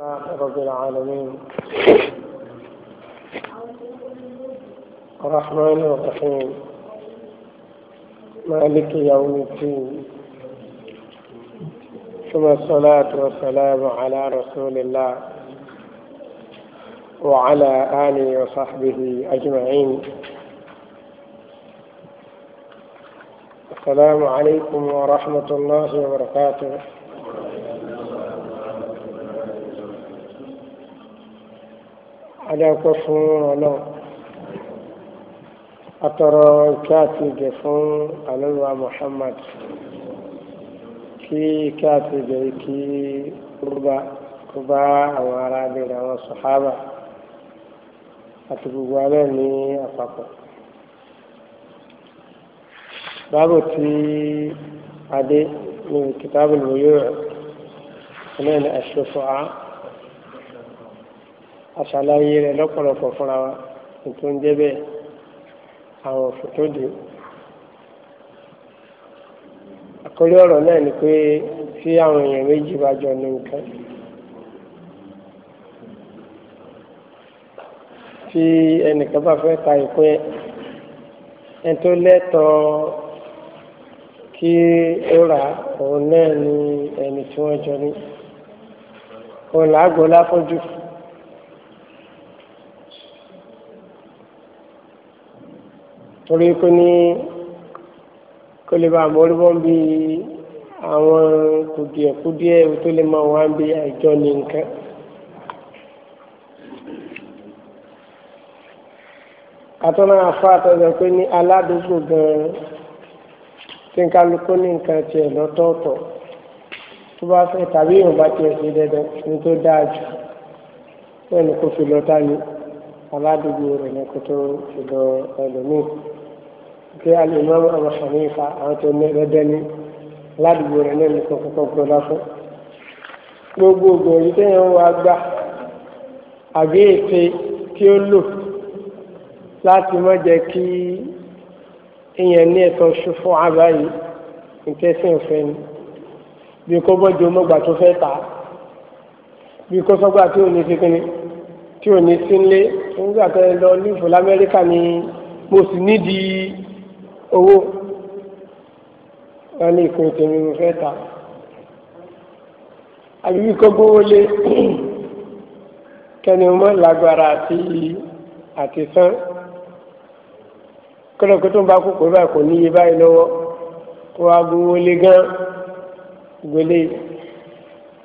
الله رب العالمين الرحمن الرحيم مالك يوم الدين ثم الصلاة والسلام على رسول الله وعلى آله وصحبه أجمعين السلام عليكم ورحمة الله وبركاته adáwọ̀pẹ́ fún ọlọ́run atọrọ ìkẹ́ àti ìgẹ̀ fún alẹ́lúwa Muhammad kí ìkẹ́ àti ìgẹ̀ kí kúrúbá kúrúbá àwọn ará bẹ̀rẹ̀ àwọn sàhábà àti gbogbo alẹ́ ní àpapọ̀ báàbò tí adé ní kìtàbùl buyū' ní ẹ̀ṣọ́fọ́ á àṣàlàyé rẹ̀ lọ́pọ̀lọpọ̀ fúnra wa ètò ń jẹ́ bẹ́ẹ̀ àwọn òfin tó dé. àkórí ọ̀rọ̀ náà ni pé tí àwọn èèyàn méjì bá jọ ní nǹkan tí ẹnìkan bá fẹ́ ta ìpín ẹ̀ ẹni tó lẹ́tọ̀ọ́ kí ó rà òun náà ni ẹni tí wọ́n jọ ní òun làágbó láfọ́jú fún. torí pé ní kó lè bá àmọ́ orúbọ́n bí àwọn kùdìẹ̀kùdìẹ̀ tó lè máa wá bí àìjọ ní nǹkan. àtọ́nà afá àtọ́jọ́ pé ní aládùúgbò gan-an tí ń kálukú ní nǹkan tiẹ̀ lọ́tọ̀ọ̀tọ̀ tó bá fẹ́ tàbí ìwọ̀nba tiẹ̀ ṣe dandan ní tó dáa jù bẹ́ẹ̀ ni kò fi lọ́ta ni aládùúgbò rẹ̀ ní kótó ṣùgbọ́n ẹlòmíì kí alimami Abu Hanifa àwọn tó ní ẹgbẹ́ ní aládùúgbò rẹ̀ ní ẹnì kọ̀ọ̀kan kọ̀ọ̀kan lọ́fọ́ gbogbo ògbòrí téèyàn wá gbà àbí ète tí ó lò láti má jẹ́ kí èèyàn ní ẹ̀tọ́ ṣùfọ́ àbáyé ìtẹ́sìn òfin ni bí kò bọ́jú ọmọgbà tó fẹ́ tà á bí kò sọ́gbà tí ò ní fi kíni tí ò ní sí nílé nígbà tó ń lọ lífù lamẹ́ríkà ni mo sì nídìí owó wọn ní ìpín tèmi mo fẹ́ ta àbíbí kó gbówó lé kẹ́ni mo lágbára àti àti sán tó ń bá kókó báyìí kò níye báyìí lọ́wọ́ kó wá gbówó lé gan gbélé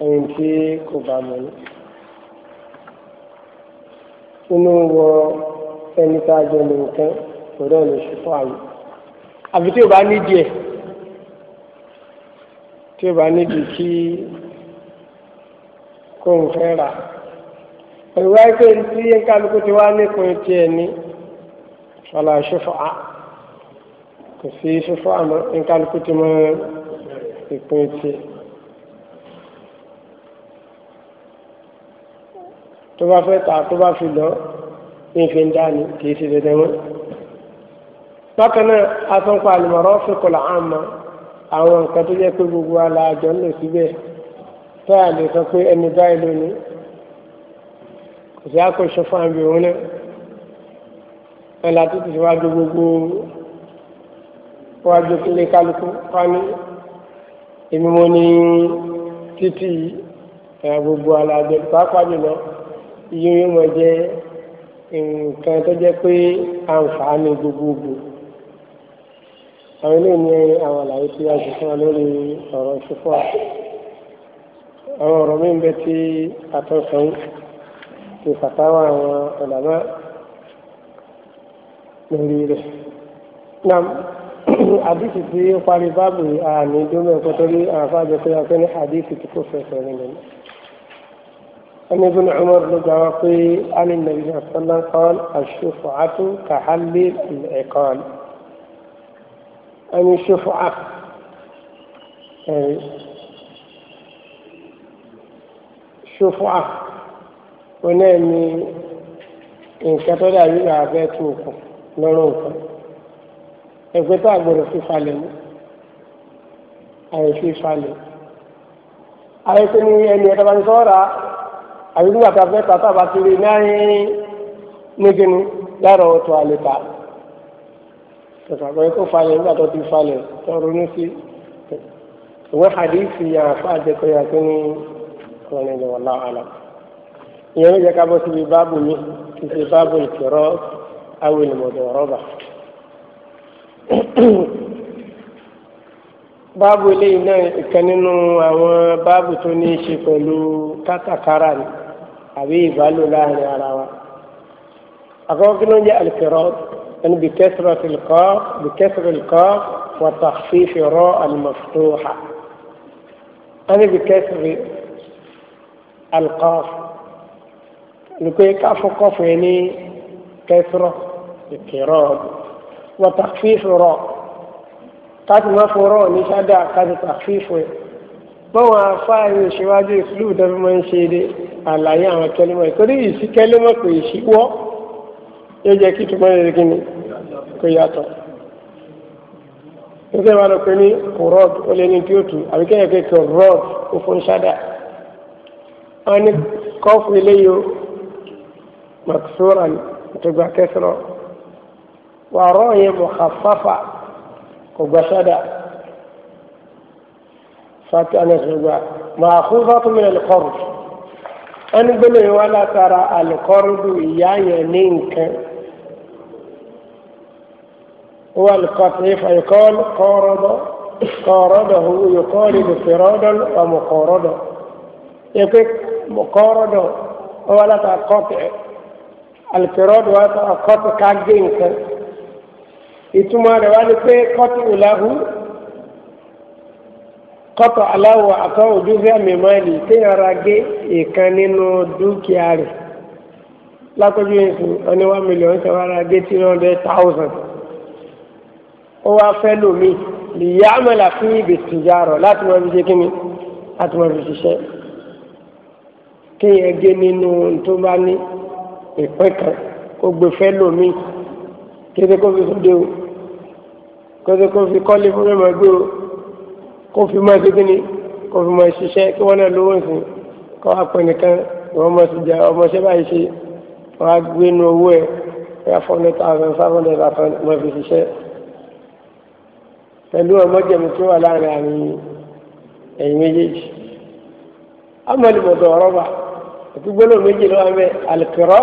ẹ̀yìn tí kò bá mọ̀ ní inú wọ ẹni tá a jọ lè nǹkan pẹ̀lú ọ̀nà ìṣòfò àmì àbí tí o bá nídìí ẹ̀ tí o bá nídìí kí kó n fẹ́ rà ìwé pé tí kálukú ti wá nípìn tiẹ̀ ní ọ̀là ìṣòfò à kò sí ìṣòfò àmọ́ kálukú ti mọ ìpín tiẹ̀. tó bá fẹ́ ta tó bá fi lọ nífi ń dání kì í ṣe dandan mọ́. bákan náà atọ́npa àlùmọ̀rọ́ fìkọ̀lá àmọ́ àwọn nǹkan tó jẹ́ pé gbogbo aláàjọ ń lò síbẹ̀ tó à lè sọ pé ẹni báyìí lónìí kò sí àkóso fún àmì òun náà ẹ̀là tó ti wájú gbogbo wájú kílé kálukú fani èmi mo ní títì ẹ̀ gbogbo aláàjọ pàápàá jùlọ. iye yóò máa jẹ́ nǹkan tó jẹ́ pé àǹfààní gbogbogbò àwọn eléyìí ní àwọn àlàyé tí a ti fún wa lórí ọ̀rọ̀ ìṣúfọ́ àwọn ọ̀rọ̀ mi bẹ tí àtọ̀sán ti fàtàwà àwọn ọ̀làmá lórí rẹ̀. nam àdìsí tí ó parí báàbù àmì ìdómẹ̀kọ́ torí àwọn afáàjọ pé a fẹ́ ní àdìsí tí kò fẹsẹ̀ rìn أن ابن عمر رضي عن النبي صلى الله عليه وسلم قال الشفعة كحل العقال أن الشفعة يعني ṣòfòà wọn náà ní nǹkan tó dàbí àbẹ́ tó kù lọ́rùn nǹkan ẹgbẹ́ tó àgbọ̀dọ̀ fi falẹ̀ mú àyè fi falẹ̀ àyè tó ní ẹni ẹ̀dá bá ń sọ́ra àbí nígbà tá a fẹ́ tà tábà ti rí náà nígínní lára ọ̀tọ̀ àlèkà tọ̀tàgbọ́ kó falẹ̀ nígbà tó ti falẹ̀ tó ronú sí ìwé hadisi yàn fún àjẹkọ̀ yàn tó ní kọ́ni ní wọ́n náà àlọ́. ìyẹn ló jẹ́ ká bọ́ síbi báàbù mi kì ṣe báàbù ìkìrọ́ àwọn ènìmọ̀dọ̀ rọ́bà. báàbù eléyìí náà ìkan nínú àwọn báàbù tó ní í ṣe pẹ̀lú kátàkárà ni. حبيب قالوا لا اله الا الله اغوغنو جاء الكراد ان بكثرة القاف بكثرة القاف وتخفيف راء المفتوحة انا بكثرة القاف لكي كاف قاف يعني كثرة الكراد وتخفيف راء قد ما في راء مش هذا قد تخفيف báwọn afáàrí òṣèwájú ìfúlù dẹ́fẹ́ máa ń ṣe eré àlàyé àwọn kẹlẹ́mọ̀ ìtorí ìsí kẹlẹ́mọ̀ kò ìsí wọ́ yóò jẹ́ kí túmọ̀ rẹ̀ kí ni kò yàtọ̀. nígbà wà ló pe ní rod ó lé ní tíòtù àbí kẹ́yìn kẹ́kẹ́ rod ó fún ṣáda. wọ́n ní kọ́ọ̀fù iléyò maksura tó gba kẹsìrọ̀ wà rọ́ọ̀ mọ̀ kàfáfà kò gba ṣáda fatu anasogba ma'khuzatu min al-qard ẹni gbọ́dọ̀ yìí wá látara alikọ́rùdù ìyá yẹn ní nǹkan wọ́n alikọ́tù ifá ìkọ́ọ̀lù kọ́ọ̀rọ̀dọ̀ kọ́ọ̀rọ̀dọ̀ hu ìkọ́ọ̀lù ìdòfèrọ́dọ̀ ọmọ kọ́ọ̀rọ̀dọ̀ èké kọ́ọ̀rọ̀dọ̀ wọ́n wá látara kọ́ọ̀tù alikọ́rọ̀dọ̀ wá látara kọ́ọ̀tù ká gé nǹkan ìtumọ̀ rẹ̀ wá ní pé kọ́ọ̀tù ìlàhùn kọ́tọ̀ aláwọ̀ àtọ́ òjúfẹ́ àmìmọ́lì téèyàn ra gé ìkan nínú dúkìá rẹ̀ lápẹ́jú ìsìn ọní one million ṣe wá ra gé three hundred thousand ó wá fẹ́ lómi ìyá àmàlà fún ìbèsì ìyá rọ̀ láti máa fi ṣe kí ni láti máa fi ṣiṣẹ́ kéèyàn gé nínú tó bá ní ìpín kan kó gbé fẹ́ lómi kéde kó fi fúde o kéde kó fi kọ́lé fún mi mọ́ gbé o kó fi máa ṣe kíni kó fi máa ṣiṣẹ́ kí wọ́n náà lówó ìsìn kọ́ apẹ̀ nìkan ìwọ́n máa ṣe jà ọmọṣẹ́ báyìí ṣe wọ́n á gbé inú owó ẹ̀ ẹ̀yà four hundred thousand five hundred thousand máa fi ṣiṣẹ́ pẹ̀lú ọmọjẹ̀mí tí ó wà láàrin àárín ẹ̀yìn méjèèjì amọ̀lùmọ̀tò ọ̀rọ̀ bá àti gbólóhùn méjì lọ́wọ́ mẹ́ alìkìrọ́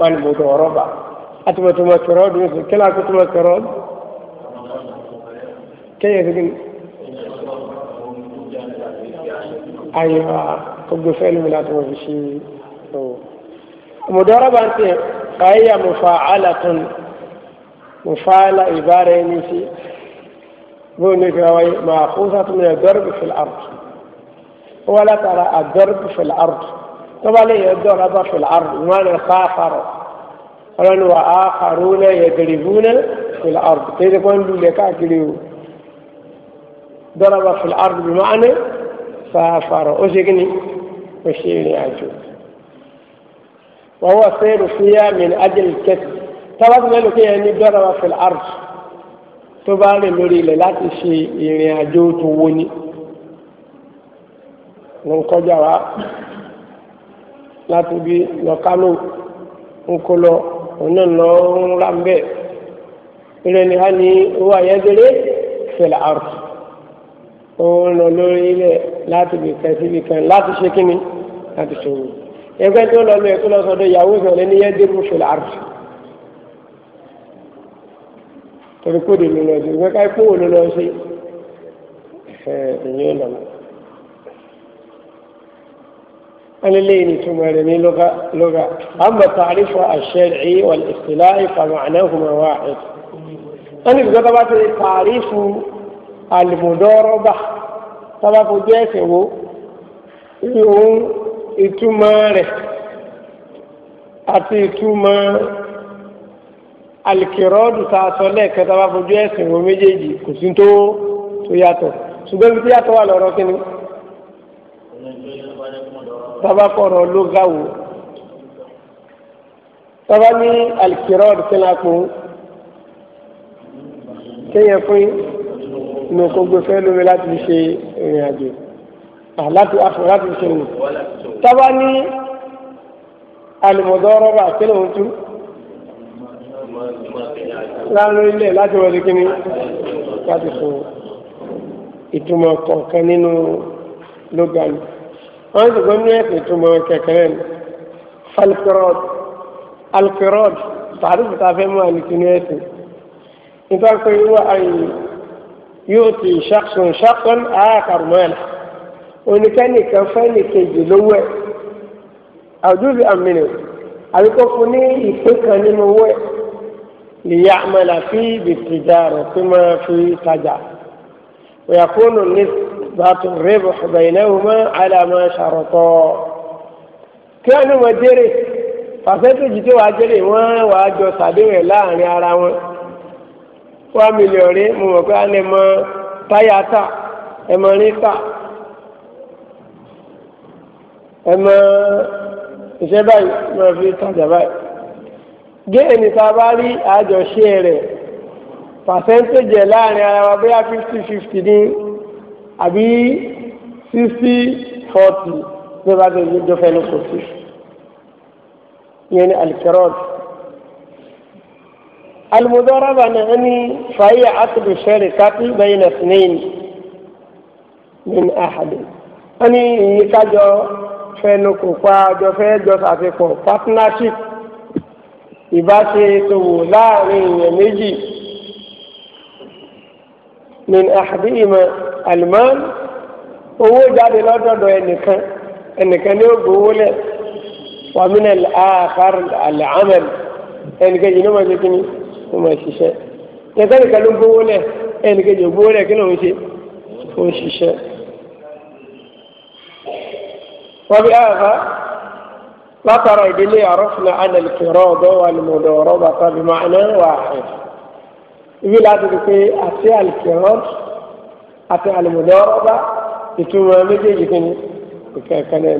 mọ̀lùmọ̀tò ọ̀rọ̀ bá àtùmọ̀tò mọ̀kìrọ́ dùn sí kíláàkùtùmọ̀kìrọ́ kéèyàn àyèwà gbogbo fẹ́ẹ́lì mi láti wọ́n fi ṣe o. mùdọ́rọ̀bà ń tiẹ̀ káyà mùfà àlàtún mùfà àlà ìbára ẹni sí bó ní fi wáyé màá kó sátúmọ̀ ẹ̀ dọ́rọ̀bù fìlà àrùtù ó wá látara àdọ́rọ̀bù fìlà àrùtù tó bá lẹ́yìn dọ́rọ̀bà fìlà àrùtù wọn lè fà á farò ọlọ́ni wà á kàrú náà yẹ dèrèbù náà fìlà àrùtù kéde kó ń lulẹ̀ káàkiri o dọ́rọ̀bà fìlà àrùtù bí máa ní sáfàrọ̀ ó ṣe kíni ó ṣe ìrìn àjò wọ́n wọ́n sẹ́rù fúyà min ajẹ́lì kẹ́sì tábàtì mẹ́lò kí ẹni dọ́ra wa fil ard tó bá rìn lórí ilẹ̀ láti ṣe ìrìn àjò tó wó ni ló ń kọjá wa láti bí lọ ń kó lọ òun lọ ń ra ń bẹ́ẹ̀ ìrẹ́ni á ní owó àyẹ́dẹ́rẹ́ fil ard òun lọ lórí ilẹ̀ láti bìkan síbi kan láti ṣe kínní láti ṣòwò ẹgbẹ́ tó lọ lọ ẹ̀kọ́ lọ sọ́dọ̀ ìyàwó ìsọ̀rọ̀ ní yẹn débù ṣòlá àrùn torí kóde ló lọ sí ìgbẹ́ káyọ̀ kówó ló lọ sí ẹ̀ ẹ̀yìn ọ̀nà. أليلين تمارني لغة لغة أما التعريف الشرعي والاصطلاحي فمعناهما واحد أنا إذا تعريف àlùmùdọ́rọ́bà tábà fojú ẹ̀sìn wo ohun ìtumọ̀ rẹ̀ àti ìtumọ̀ alikirọ́ọ̀dù tá a sọ lẹ́ẹ̀kan tábà fojú ẹ̀sìn wo méjèèjì kò sí tó tó yàtọ̀ ṣùgbọ́n ibi tí yàtọ̀ wà lọ́rọ́ kí ni tábà kọ̀rọ̀ ló gà wò tábà ní alikirọ́ọ̀dù kí ni kéèyàn fún yín inú kó gbé fẹ́ lómi láti ṣe ìrìn àjò láti afọ láti ṣe ìrìn. tábà ní alùmọ̀dọ́rọ́bà kí ló ń tú láàrin ilẹ̀ láti wọlé kíní láti fún ìtumọ̀ kọ̀ọ̀kan nínú lógan wọ́n ti gbọ́n ní ẹ̀sìn ìtumọ̀ kẹ̀kẹ́rẹ́ ni alkirọ́d alkirọ́d tààrí fìtafẹ́ mú àlìkíní ẹ̀sìn nítorí pé wọ́n àyè yóò ti ṣàkṣùn ṣàkṣùn àákàrùmọ́ẹ̀lá oníkẹ́nìkan fẹ́ni kejì lówó ẹ̀ àdúbì àmìnà àríkó fún ní ìpín kan nínú owó ẹ̀ lìyà àmàlà fi bìtìjà rẹ̀ tó máa fi tajà òyàkónù ní bàtò rẹ́bù ọ̀bẹ̀yìnàwòmọ́ àdàmà ṣàròtọ́ kí wọ́n ní wọ́n jèrè fàṣẹ́tìjì tí wàá jèrè wọ́n wàá jọ sàdéwẹ̀ láàrin ara wọn wá mílíọ̀n rí mo mọ̀ pé a lè mọ táyà tà ẹ mọ rí tà ẹ mọ iṣẹ́ báyìí mo fi tajà báyìí. géènì tá a bá rí àjọṣe rẹ̀ pàṣẹ́ntéjì ẹ̀ láàrin ara wa bóyá fifty fifty ní àbí sixty forty ló bá jọ fẹ́ ló kò sí. ìyẹn ni alikẹ́rọ́ọ̀tì. المضاربة نعني فهي عقد شركة بين اثنين من أحد أني كجو فنوك فا جو في جو ساتيكو فاتناشيك إباسي تو لا نجي من أحد إما المال هو جاري لا تدو إنك إنك نيوك ومن الآخر العمل إنك جنوما جتني ó máa ṣiṣẹ́ yẹtẹ́ nìkan ló gbówó lẹ̀ ẹnì kejì ò gbówó lẹ̀ kí lóun ṣe ó ń ṣiṣẹ́. wọ́n bí àbá ah, látara ìdílé àrọ́fúnà ànàlìkìrọ́ ọ̀dọ́ wa ni mo dọ̀rọ̀ bàtà bí máa ná wà hàn. ibi láti rí pé àti àlìkìrọ́ àti àlìmọ̀dọ́rọ́ bá ìtumọ̀ méjèèjì kìíní ìkẹ́kẹ́ náà.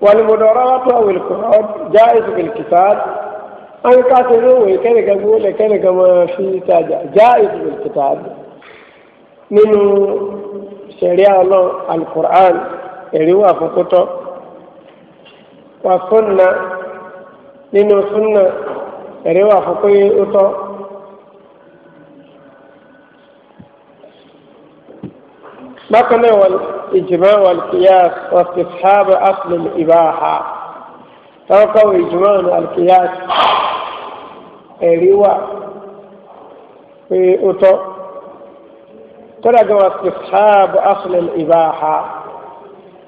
والمدراء أو القرآن جائز بالكتاب أن كاتبوه كان يقول كان كما في تاجع جائز بالكتاب من شريعة الله القرآن اللي هو فقطه وسنة من سنة ẹ̀rí wà fún pé ó الإجماع والقياس واستصحاب أصل الإباحة تركوا إجماع القياس ẹ̀rí wà pé ó tọ́ kódà gan wa ti sáàbù asùlẹ̀m ìbáha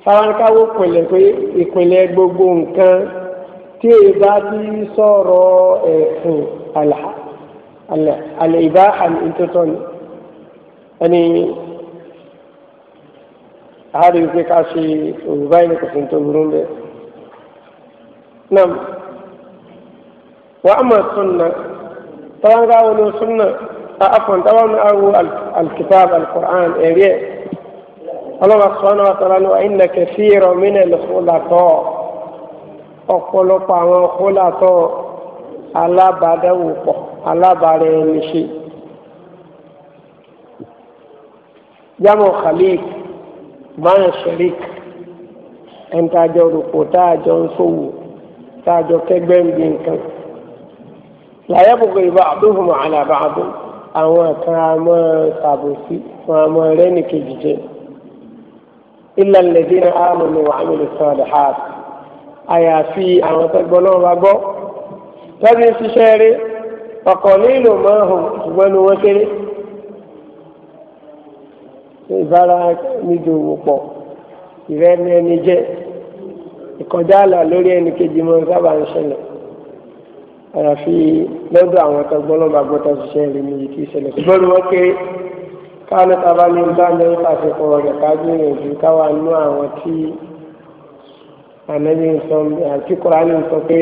sáwọn káwó pìnlẹ̀ pé ìpìnlẹ̀ gbogbo nǹkan tí èyí bá ti sọ̀rọ̀ ẹ̀sìn àlè ìbáha ní tuntun ni ẹni a rí i pé ká ṣe òrùbá yìí kò sí tó burú bẹ́ẹ̀. nam wa ama sunna tawanga wani sunna a afon tawanga awu alkitab alquran ẹ̀rí ẹ̀ ọlọ́wà sọ́nà àtàlánú àìnà kẹfìrọ̀ mínà lọ́kọ́làtọ́ ọ̀pọ̀lọpọ̀ àwọn kọ́làtọ́ alábàádáwòpọ̀ alábàárẹ̀ ẹni ṣe máa ṣẹ̀rí ẹni tá a jọ rògbò tá a jọ ń ṣòwò tá a jọ kẹgbẹ́ ń bí nǹkan. làyẹ̀ gbogbo ìbá àdóhùn àlàbà àdó àwọn kan á máa ṣàbòsí wọn á máa rẹ́ni kejì jẹ. ilà lẹ́dí ní àmàlù àmàlù sọ̀rọ̀ ha àyàfi àwọn tẹ́gbọ́n náà wá gbọ́. tọ́jú ń ṣiṣẹ́ rí ọkọ̀ nílò máa hàn ṣùgbọ́n ni wọ́n kéré ìbára nídòwò pọ̀ ìrẹ́ni ẹni jẹ́ ìkọjá àlà lórí ẹni kejì mọ́ sábà ń ṣẹlẹ̀ àyàfi lọ́dọ̀ àwọn tọgbọ́n lọ́ba gbọ́tọ̀ ṣiṣẹ́ rẹ̀ ní ìdí ìṣẹ̀lẹ̀ ṣùgbọ́n ni wọ́n kéré káwọn níta bá ní bá ní ìpàṣẹpọ̀ rẹ̀ ká gbìyànjú káwa nú àwọn tí ànábì ń sọ àti Kùránì ń sọ pé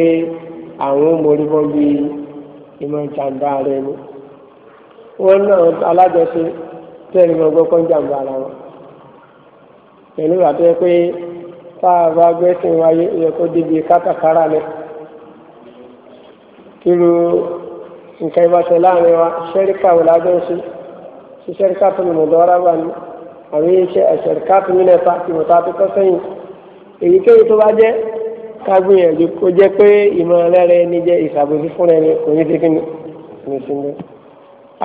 àwọn mọ̀lẹ́bọ̀ bíi ìmọ̀ ìjàmbá rẹ̀ ni wọ́n náà alájọṣe tẹ́ẹ̀rí mọ́ gbọ́ kọ́ ń jàǹbá ara wọn. pẹ̀lú àtẹ́ pé tá a bá gbẹ́sìn wáyé yẹ kó débi kátàkárà lẹ. kíru nǹkan ìbáṣẹ láàrin wa ṣẹ́ríkà wò lájọ́ ń ṣe ṣe ṣẹ́ríkà tó lùmọ̀ lọ́ra wà ní àwọn iṣẹ́ ṣẹ́ríkà tó nílẹ̀ fa ìmọ̀ta tó kọ́ sẹ́yìn èyíkéyìí tó bá jẹ́ kágbìyànjú kó jẹ́ pé ìmọ̀ràn ní jẹ́ ìṣàbòsí fún ẹni oníṣẹ́kíni oníṣẹ́kíni.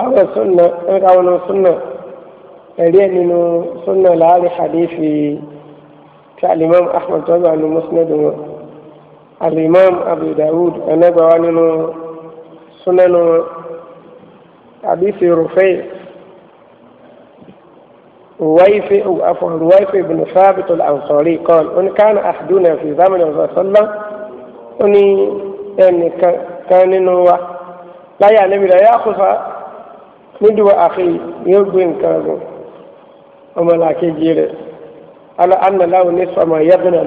àwọn sọ̀nà ẹ̀ka wọn sọ̀nà ẹ̀rí ẹ̀ nínú sunna láàrin hadithi tí alimam ahmed tó bá nu musnad wọn alimam abu dawud ẹnẹgbà wa nínú sunan wọn hadithi rufai ruwaifi afọn ruwaifi ibn thabit al-ansari kan ó ní kánà ahduna fi zamani ọsàn sọlá ó ní ẹnìkan kan nínú wa láyé ànábìrì ayé àkùsà nídìí wa àkè yóò gbé nǹkan gùn ọmọlàkejì rẹ̀ ala anàláwo ní sọmọ yẹ́bùnà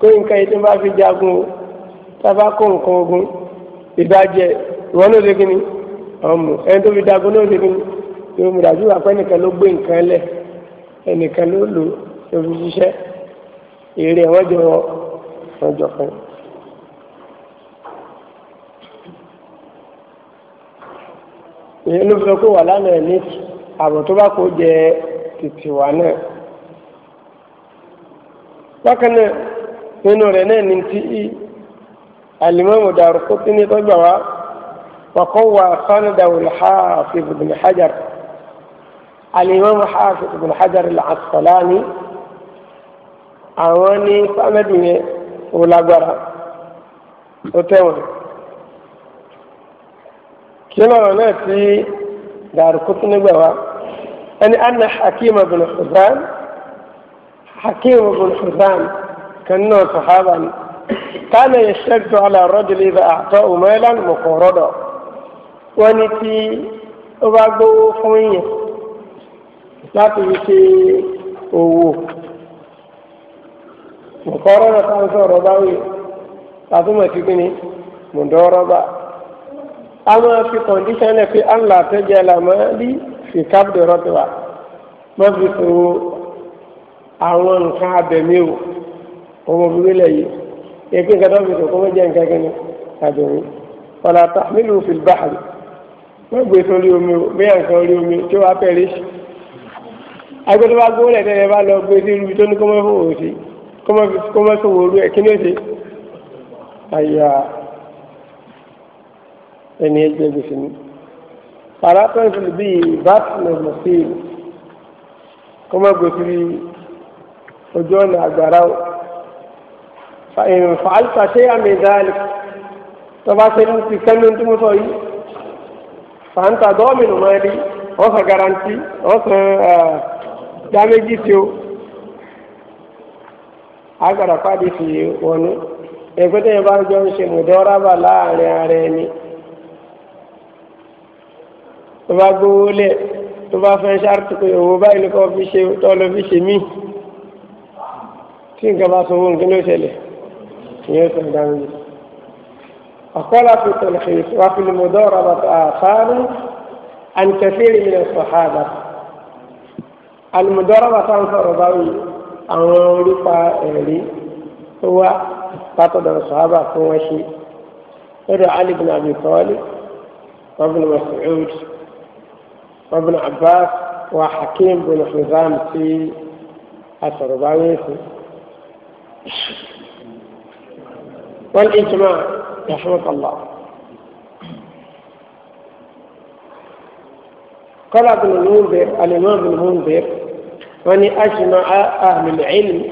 kó nǹkan yìí tó bá fi jagun o tábà kó nǹkan ogun ìbàjẹ́ ìwọ náà lóògì ni ọmọ ẹni tó fi jagun náà lóògì ni yóò mú dájú wà pé ẹnìkan ló gbé nǹkan lẹ̀ ẹnìkan ló lò ó fi ṣiṣẹ́ èrè wọn jọ wọn jọ kan. ìyẹn ló fi sọ wà lánàá ní àbọ̀ tó bá kó jẹ ti tiwa náà bákan náà nínú rẹ̀ náà ní ti í alimami Daraqutni tó gbà wá wàkọ́ wà sanadahu al-Hafiz ibn Hajar alimami Hafiz ibn Hajar al-Asqalani àwọn ní sanadu yẹn wò ó tẹ̀wọ̀n kí lọ́rọ̀ náà ti Daraqutni gbà wá ẹni anna hakim ibn huzam hakim ibn huzam kan náà sahaba ni kánà yẹ ṣẹ́gbẹ́ alárọ́jìlì ibà àtọ́ umelan mọ̀kọ́rọ́dọ̀ wọ́n ní tí ó bá gbówó fún yẹn láti fi ṣe owó mọ̀kọ́rọ́dọ̀ táwọn sọ̀rọ̀ báwí àtúmọ̀ sí kíni mọ̀dọ́rọ́bà a máa fi kọ̀ǹdíṣẹ́lẹ̀ pé allah tó jẹ́ làmọ́ bí fi kábídì ọ̀rọ̀ ti wà má fi so àwọn nǹkan abẹ̀mí o ọmọ bíbí lẹ̀ yìí èpè nǹkan tó fi so kó má jẹ́ nǹkan kẹ́ni àdùnnú ọ̀là tàmílù fil bahri má gbé sórí omi o bí nǹkan orí omi tí wàá pẹ̀lú agbẹ́tọ́ bá gbówó lẹ́tẹ̀ rẹ bá lọ gbé sí ibi tó ní kọ́mọ́ fún òsì kọ́mọ́ sọ wòlú ẹ̀ kí ni ó ṣe àyà ẹni ẹgbẹ́ gbèsè ni paratọ́sìlì bíi bátìlẹ̀ mọ̀síìn kó má gbèsè ojú ọ̀nà àgbàrá o fàálùfà ṣé àmì ìdáàlì tọ́ba ṣe ní ti kẹ́nu tí mo sọ yìí fàǹtà dọ́ọ̀mìnì máa rí wọ́n sọ garanti wọ́n sọ dáméjì tí o agbàdàpá di fi wọnú ẹgbẹ́ tẹ́yẹ bá jọ ń ṣe mùdọ́rábà láàrin ara ẹni tó bá gbowó lẹ̀ tó bá fẹ́ ṣáàtì pé òwò báyìí ló kọ́ fi ṣe tọ́ lọ fi ṣe mí tí nǹkan bá sanwó nǹkan ló ṣẹlẹ̀ ìyẹn tó ń dáhùn yìí. ọ̀kọ́lá fi tẹ̀lé fi wá fi lè mọ̀ dọ́ọ̀rọ̀ bàtà àfáàrù àǹtẹ̀fẹ́rì ilẹ̀ sọ̀hádà àlùmọ̀dọ́rọ̀ bàtà ń sọ̀rọ̀ báyìí àwọn orípa ẹ̀rí tó wá látọ̀dọ̀ sọ̀hábà fún wọn ṣe lọ́dọ̀ Ali bin Abi Talib wọ́n bí وابن عباس وحكيم بن حزام في أثر الرباوي والإجماع رحمة الله قال ابن المنذر الإمام ابن المنذر من أجمع أهل العلم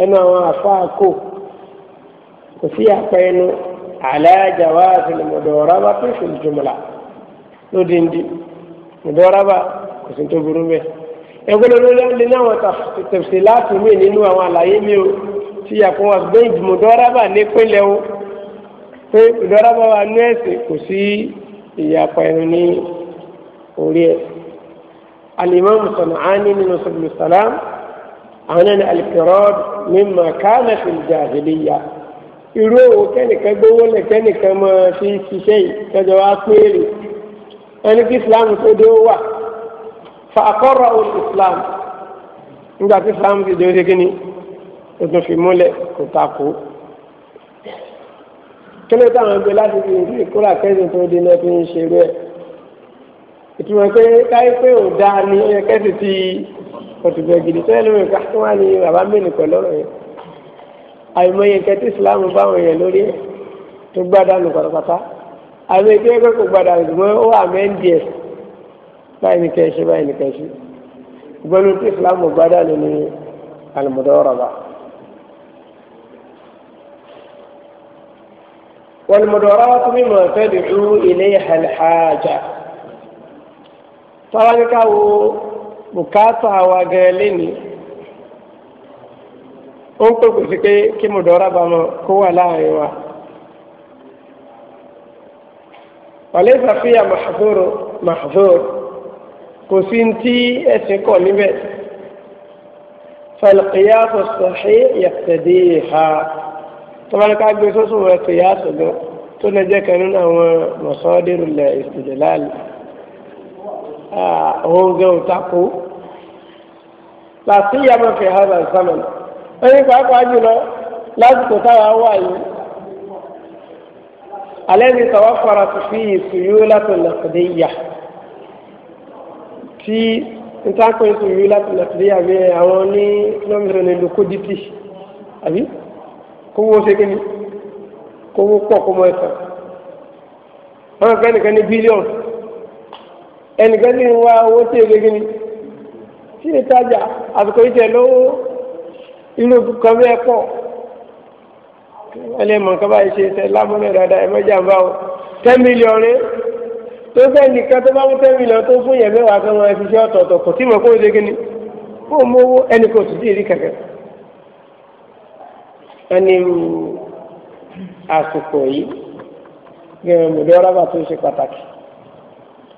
أنا وافاكو وفيها بين على جواز المدورة في الجملة ندندي ìdọ́rábà kò sí tó burú bẹ́ẹ̀. ẹgbẹ́ lórí láwọn tẹ̀sí láti mí nínú àwọn àlàyé mi o ti yàtọ̀ wọn gbé ìdùmọ̀dọ́rábà nípínlẹ̀ o pé ìdọ́rábà wa ní ẹ̀sìn kò sí ìyapa ẹnu ní orí ẹ̀. alimami sanani nínú sọ̀rọ̀ sàlám àwọn ẹni alikirọ́ mímọ káàmẹ́ fi jàhìlíyà irú òwò kẹ́nìkan gbówó lẹ̀ kẹ́nìkan máa fi ṣiṣẹ́ yìí kẹjọ wá péré ẹni kí islam tó wà fa àkọ́rọ̀ òun islam nígbà tí islam ti dé ó ṣe kíni ó tún fi múlẹ̀ kó takò kí ló táwọn ẹgbẹ́ láti fi ìlú ìkórà kẹ́sìn tó dé náà fi ń ṣe rẹ̀ ìtumọ̀ pé káyé pé ò dáa ni ó yẹ kẹ́sìn ti òtùbẹ̀ gidi tẹ́lẹ̀ lórí ìka tí wọ́n á ní bàbá mélòó pẹ̀lú ọ̀rọ̀ yẹn àìmọye kẹ́tí islam báwọn yẹn lórí ẹ̀ tó gbádànù pátápátá àmì ẹgbẹ́ pé kò gbàdá ṣùgbọ́n ó wà mẹ́ndì ẹ̀ báyìí ní kẹ́ṣe báyìí ní kẹ́ṣe ìgbọ́nú tí ìsìlámù gbàdá ni ní al-mudaraba. wal-mudaraba mimma tad'u ilayha al-haja tọ́lá ní ká wo bùkátà wa gẹ̀ẹ́ lénìí ó ń pèpè sí pé kí mudaraba mọ́ kó wà láàrin wa. wàlẹ́ ìsàfihàn mahadoro mahadoro kò sí ti ẹ̀sìn kọ̀ níbẹ̀ fàlùkìyà sọ̀sọ̀hí yàtẹ̀dé ha tọ́balẹ̀ ká gbé sọ́sọ̀ rẹ̀ kìyà sọ̀dọ̀ tó lè jẹ́ kan nínú àwọn mọ̀sọ́dẹ́rù lẹ̀ ìsìdìláàlì òun gẹ̀ òtakò làtìyàmọ̀fẹ̀ hàn sàmàn ẹni pàápàá alẹ́ni tọwọ́ fara tó fi ìsúyú látò lẹ́kọ̀dẹ́yà tí ìtàkùn ìsúyú látò lẹ́kọ̀dẹ́yà bí àwọn ní lọ́mìnira ní lókòdìtì àbí kówó ṣékéni kówó pọ̀ kó mọ ẹ̀sán wọn fẹ́ nìkan ní bílíọ̀nù ẹnìkan ní wá owó tí èlé gíní tí ìtajà àsìkò ìjẹ lówó irú kan bẹ́ẹ̀ pọ̀ ẹ lè mọ nǹkan báyìí ṣe ṣe lámúlẹ̀ dáadáa ẹ mọ́jà ń bá o ten million rẹ tó fẹ́ nìkan tó bá mú ten million tó fún yẹn mẹ́wàá kan wọn ẹ fi ṣe ọ̀tọ̀ọ̀tọ̀ kò tí mọ̀ kó o ṣe kíni kó o mówó ẹnì kò sì dìrí kẹ̀kẹ́ ẹni àsìkò yìí gẹ̀rẹ̀ mọ̀dọ́ rábà tó ṣe pàtàkì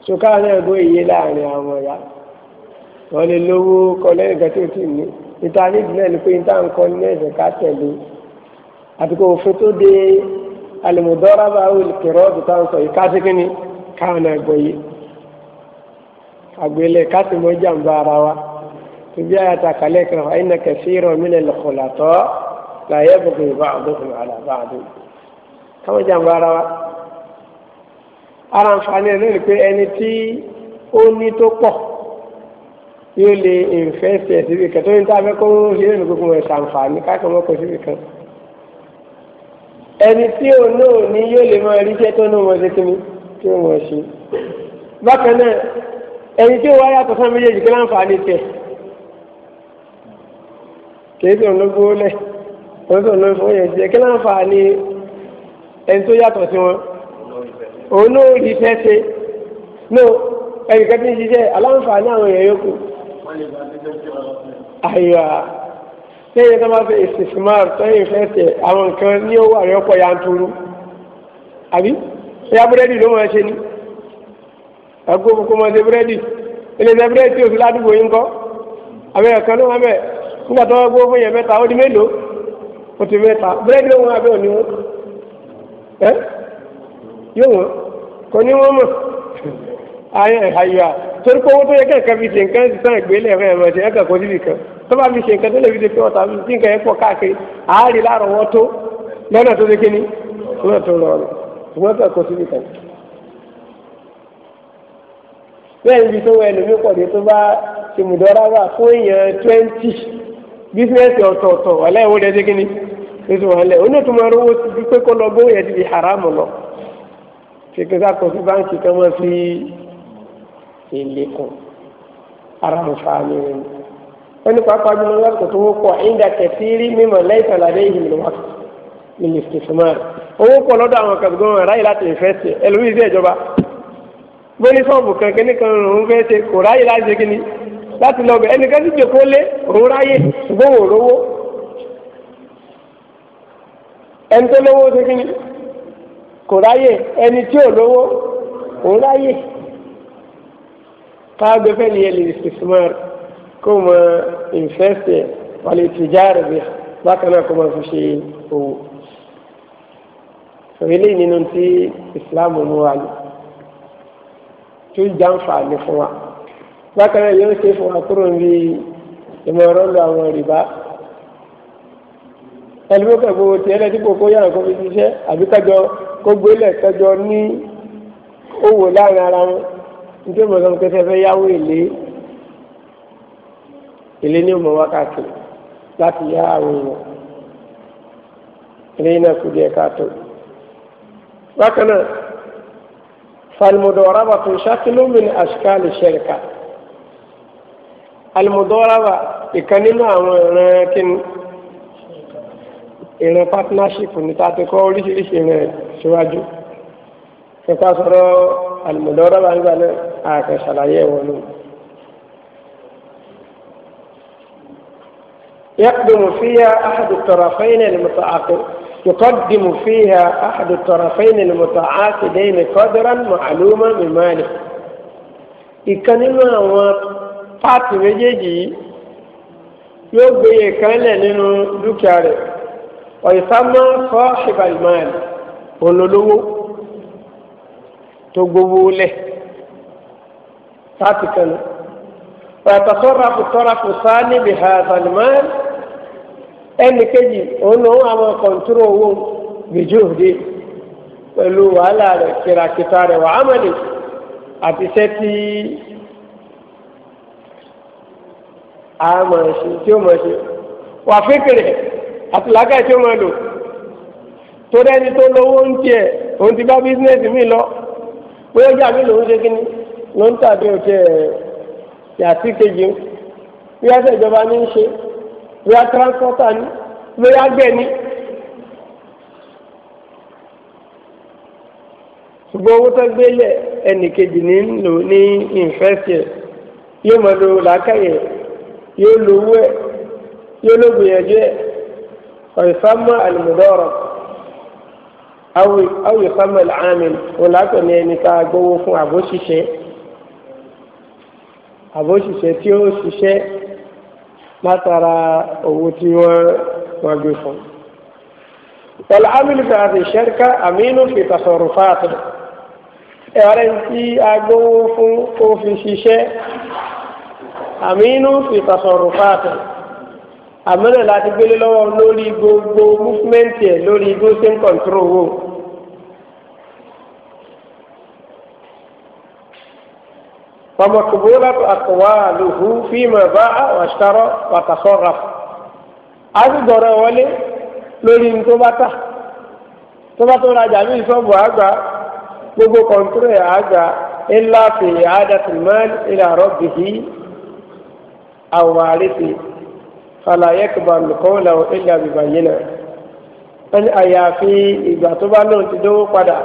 ṣùkà náà gbọ́ iye láàrin àwọn ọ̀yá wọ́n lè lówó kọ́ lẹ́yìn kan tí ò tí ì ní ìta nídìí náà àti kò fún tó de alimudọ́rọ́bà olùkẹ́rọ́ tó tá à ń sọ yìí káṣí kínní káwọn àgbọ̀ yìí àgbélẹ̀ káṣí mọ́ jàǹbá ara wa tìbí àyàtà kálẹ̀ kan wà iná kẹfì rọmílẹ̀ lọ́kọ̀látọ́ làyẹ̀ bùkún ìbá àdókùn àlàbà àdókùn káwọn jàǹbá ara wa. ara nfààní rẹ̀ lónìí pé ẹni tí ó ní tó pọ̀ yóò lè ìfẹ́ sí ẹ̀ síbi kan tó ní tá a fẹ́ kó ṣe é nínú gbogbo ẹ̀ sàǹfààní káàkiri mọ́kò síbi kan ẹni tí ò náà ní yóò lè máa ríṣẹ́ tó ní wọn ṣe kí ni tí wọ́n ṣe. bákan náà ẹni tí ó wáyà tó fún méjèèjì kí láǹfààní tẹ̀ kìí tó ló gbówó lẹ̀ wọ́n tó ló fún yẹn jẹ́ kí láǹfààní ẹni tó yàtọ̀ sí wọn. òun náà rí fẹ́ ṣe náà ẹnìkan tí ń ṣiṣẹ́ aláǹfààní àwọn èèyàn yòókù. wọ́n lẹ́yìn tó máa fẹ́ ìsìsìmáà tọ́yìn fẹ́ tẹ̀ àwọn nǹkan ní owó àrẹ ọ̀pọ̀ yanturu àbí ẹ̀yà búrẹ́dì ló máa ṣe ní ẹ̀kọ́ kókó máa ṣe búrẹ́dì iléeṣẹ́ búrẹ́dì tí o fi ládùúgbò yín kọ́ àbẹ̀ ẹ̀kan ló máa bẹ̀ nígbà tó wọ́n gbó fún yẹn mẹ́ta ó di mélòó ó ti mẹ́ta búrẹ́dì ló wọn abẹ́ òní wọn ẹ́ yóò wọn kò ní wọn mọ̀ ayé ẹ̀hà yóò à torí pé owó tó yẹ kẹ́kẹ́ fi ṣe nǹkan ti tán ìgbélé ẹ̀fẹ́ ẹ̀mọ̀ tó bá mi ṣe nǹkan tó lè fi de pé ọ̀tá mi sí nǹkan yẹn pọ̀ káàkiri àárí láàrọ̀ wọ́n tó lọ́nà tó lé kíní lọ́nà tó rọrùn ṣùgbọ́n tó kọ síbi kan. bẹ́ẹ̀ níbi tó wọ ẹlòmíì pọ̀ dé tó bá ṣe fún èèyàn twenty bísíǹsì ọ̀tọ̀ọ̀tọ̀ wàlẹ́ ìwé rẹ̀ dé kíní nítorí wọn lẹ onítùmọ̀ rówó ti pé kó lọ bóyá ti di haramu lọ kékeré sáko sí báńkì kan máa fi èlé kan haramu fáwọn ẹni wọ́n ní pápá jùlọ lásìkò tó wọ́pọ̀ ẹ̀ńdà kẹfìrí mímọ̀ lẹ́yìn àlàyé ìhìnlẹ̀ wà nínú ìfìsímọ́rì owó pọ̀ lọ́dọ̀ àwọn kẹ̀gbọ́n ráyè láti ìfẹ́ sí ẹlòmíì sí ìjọba bóyá sọ́ọ̀bù kankan nìkan òun fẹ́ ṣe kò ráyè láti ṣe kíni láti lọ bẹ̀ ẹnìkan sì jòkó lé òun ráyè ṣùgbọ́n wò lówó ẹni tó lówó ṣe kíni kò ráyè ẹni tí ò lówó òun ráyè káàgbẹ́fẹ́ nìyẹn lè ìfìsímọ́rì kó mọ ìfẹsẹ wàlẹ tìjáàrẹ bí bákan náà kó mọ fi ṣe owó sọ̀rọ̀ eléyìí nínú tí ìsìláàmù mú wa lò tó jàǹfààní fún wa bákan náà yóò se fún wa kúrò ní ìmọ̀ràn lọ àwọn rìbá ẹlẹ́mọ̀ kẹ́kọ̀ọ́ tí ẹlẹ́dìbò kó yára kó fi ṣiṣẹ́ àbí kájọ kó gbélé kájọ ní owó láàrin ara wọn nítorí mọ̀ọ́sán kẹsẹ̀ fẹ́ yáwó èlé ilé ní ọmọ wákàtí láti yá àwọn èèyàn ilé náà kú díẹ̀ káàtó. bákan náà falmudoraba tó ṣàkílómìnì àṣìkáàlì ṣẹ̀ríkà almudoraba ìkan nínú àwọn ìran kíni ìran partnership ní ta ti kọ́ oríṣiríṣi ìran síwájú nípa sọ̀rọ̀ almudoraba nígbà náà àkàṣàlàyé ẹ̀wọ̀n náà. يقدم فيها أحد الطرفين المتعاقد يقدم فيها أحد الطرفين المتعاقدين قدرا معلوما من ماله ìkan nínú àwọn páàtì méjèèjì yìí yóò gbé ìkan lẹ̀ nínú dúkìá rẹ̀ ọ̀yẹ̀sámọ́ fọ́ ṣìbàlìmáàlì olólówó tó gbowó lẹ̀ páàtì kan náà ọ̀yẹ̀tàsọ́ra kò tọ́ra kò sáà níbi ha ṣàlìmáàlì ẹnì kejì òun lòun àwọn kọ̀ǹtúrò owó gbèjò òde pẹ̀lú wàhálà rẹ̀ kìràkìtà rẹ̀ wàhámàdì àti iṣẹ́ tí a mọ̀ ṣe tí ó mọ̀ ṣe wà fíkìrì àti làákàyè tí ó mọ̀ lò torí ẹni tó lówó ń tiẹ̀ òun ti bá bísíǹnẹ́sì mi lọ bóyá ọjà mi lòun ṣe kíní ló tàbí òkè ẹ̀ yàtí kejì bí wọ́n ṣe ìjọba ní í ṣe bóyá tíránsọ́tà ni bóyá gbẹ̀ ni. ṣùgbọ́n owó tó gbélé ẹnìkejì ní ń lò ní ìfẹ́sẹ̀ yóò mọ̀ lò làákàyè yóò lò owó ẹ̀ yóò lò gbìyànjú ẹ̀ ọ̀yẹ̀fámọ́ àlùmọ̀dọ́rọ̀ ọ̀yẹ̀fámọ́ àmìn ọ̀làkọ̀ ní ẹni tá a gbowó fún àbóṣiṣẹ́ àbóṣiṣẹ́ tí ó ṣiṣẹ́ látara owó tí wọ́n gbé fún. wọ́n amílù fi àti ṣẹ́ríkà àmínú fi tàṣọ̀rọ̀ fáàtì ẹ̀rẹ́ tí a gbówó fún ó fi ṣiṣẹ́ àmínú fi tàṣọ̀rọ̀ fáàtì àmínú láti gbélé lọ́wọ́ lórí gbogbo múfúmẹ́ǹtì ẹ̀ lórí gbóṣẹ́ ń فمقبولة أقواله فيما باع واشترى وتصرف أصدر ولي لولين تبتا تبتا راجع من صوب أجا بوبو كونتري أجا إلا في إعادة المال إلى ربه أو وارثه فلا يقبل قوله إلا ببينة أن أيافي إذا تبا لون تدو قدا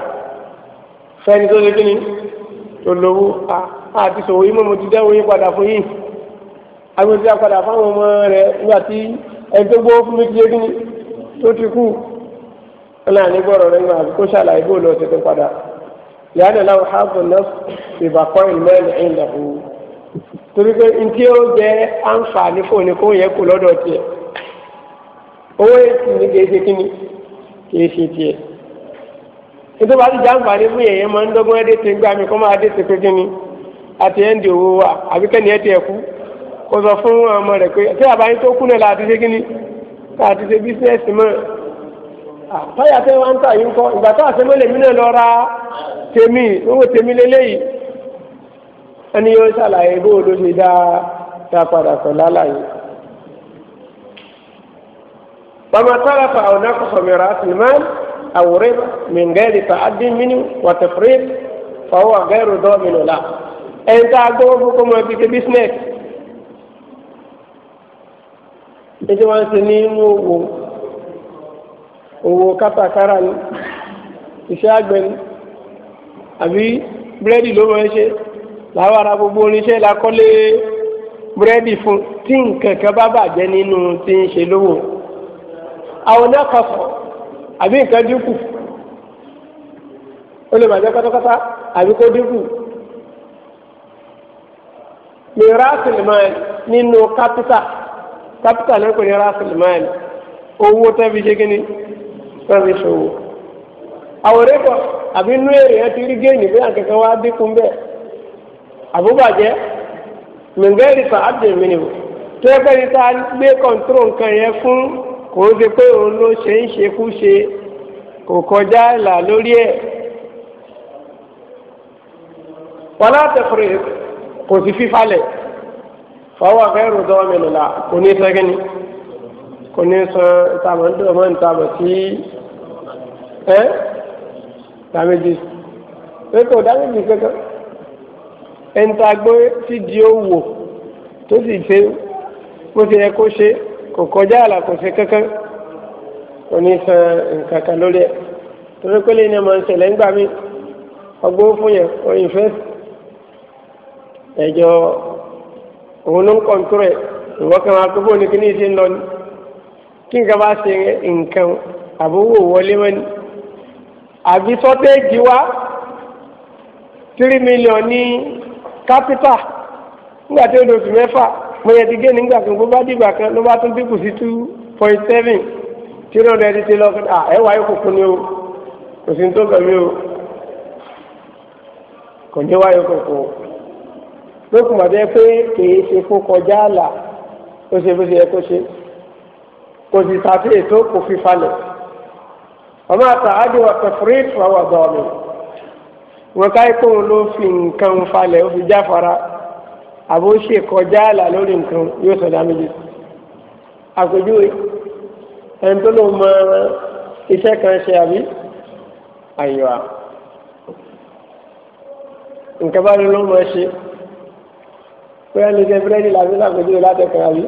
فإن تدو لكني تلو أه àti sòwò yìí mọ́ mo ti dẹ́wọ́ yín padà fún yìí agbèsè àpadà fáwọn ọmọ rẹ̀ nígbà tí ẹni tó gbówó fún mi ti yégi ni tó ti kú ọ̀nà ànígbọ̀rọ̀ rẹ̀ nígbà àti kó ṣàlàyé bó lọ tètè padà yàrá làwọn hábùn náà ìbàkọ́ ìmọ̀lẹ̀ ìlàhù torí pé ntí ó jẹ́ àǹfààní fún òní kó yẹ kó lọ́dọ̀ tiẹ̀ owó èsì ni kìí ṣe kíni kìí ṣe tiẹ̀ nítorí wàá ti jẹ́ àǹfààní fún yẹ̀yẹ́ máa ń dọ́gbọ́n ẹ́ ti gbá mi kó máa dé ti pé kíni àti ẹ̀ ń di owó wa àbí kẹ́ni ẹ̀ tiẹ̀ kú kó sọ fún ọmọ rẹ̀ pé tí àbáyé tó kú náà láti ṣe kíni láti ṣe bísíǹsì mọ́ àtọ́yà tẹ́ wá ń tà yín ń kọ́ ìgbà tó àṣẹ mọ́lẹ̀ mí náà lọ ra tèmi owó tèmi lélẹ́yìí ẹni yóò ṣàlàyé bó o ló ṣe dá dá padà sọ lálàyé. bàmà tára fa àwọn akọ̀sọ̀ mìíràn àti mọ́ àwòrán mìngẹ́rì tàádé mínú wàtẹ̀fẹ́rẹ́ fọwọ́ àgẹ́rù dọ́ọ̀mìnà láà ẹni tá a gbọ́ ṣe business ètò wọn ṣe ní inú owó owó kátàkárà ni iṣẹ́ àgbẹ̀ ni àbí búrẹ́dì ló máa ń ṣe làwọn ará gbogbo oníṣẹ́ la kọ́lé búrẹ́dì fún tí nǹkan kan bá bàjẹ́ nínú tí ń ṣe lówó àwọn náà kan àbí nǹkan dínkù ó lè bàjẹ́ pátápátá àbí kó dínkù ní rásìlìmáàlì nínú kápítà kápítà ló ń pè ní rásìlìmáàlì owó tẹ́bi ṣe kíni tẹ́bi ṣòwò. àwòrán kọ àbí inú èrè yẹn ti rí géènì bí àkẹ́kẹ́ wá dínkù bẹ́ẹ̀ àbúbàjẹ́ mẹ̀ngẹ́rì sọ abdul minimu tó ẹgbẹ́ ní ta gbé kọ́ńtúrò nǹkan yẹn fún kò ó ṣe pé òun ló ṣe ń ṣe kú ṣe kò kọjá ìlà lórí ẹ̀. wọ́n á tẹ̀ kò sí fífalẹ̀ fọwọ́ fẹ́rù dọ́ọ̀mì lọ́la kò ní sẹ́gẹ́ni kò ní sọ ìtàbọ̀ ń dọ̀mọ́ ìtàbọ̀ sí ẹ́ dàmẹ́jì pépè dàmẹ́jì kankan ẹ̀ńtàgbọ́ ti di owó tó sì ṣe bó ti yẹ kó ṣe kò kọjá àlà kò ṣe kankan kò ní sọ nǹkan kan lórí ẹ̀ torí pé lè ní ọmọ ìṣẹ̀lẹ̀ ńgbà mí ọgbó fún yẹn oyin fẹ́ẹ́ ẹjọ́ òun ló ń kọ́ńtúrò ẹ̀ ìwọ́n kan máa tó bóun ní kíní ìṣe ń lọ ni kí nǹkan bá ṣe nǹkan àbówó wọlé mọ́ni àbí sọ́téèjì wá tírí mílíọ̀n ní kápítà nígbà tí ó di oṣù mẹ́fà mo yẹ ti gé nígbà tó gbogbo bá dìgbà kan ló bá tún dínkù sí two point seven tí lọ́dọ̀ ẹni ti lọ à ẹ ni o kò sí ní lókun bàbá pé kìí ṣe kó kọjá àlà ó ṣe bó ṣe yẹ kó ṣe kò sì tàbí ètò kò fi falẹ̀ ọmọ àtà àdìwọ̀ pẹ̀fúrí ìfọwọ́ dọ̀ọ̀mì wọn ká ikú ló fi nǹkan falẹ̀ ó fi jáfara àbó ṣe kọjá àlà lórí nǹkan yóò sọ̀dá méjì àpèjúwe ẹni tó ló mọ iṣẹ́ kan ṣe àbí àyíwá nǹkan bá ló mọ ṣe bóyá lè jẹ búrẹ́dì làbí làbẹ́jọ́ ìlàtẹ̀kọ̀ àbí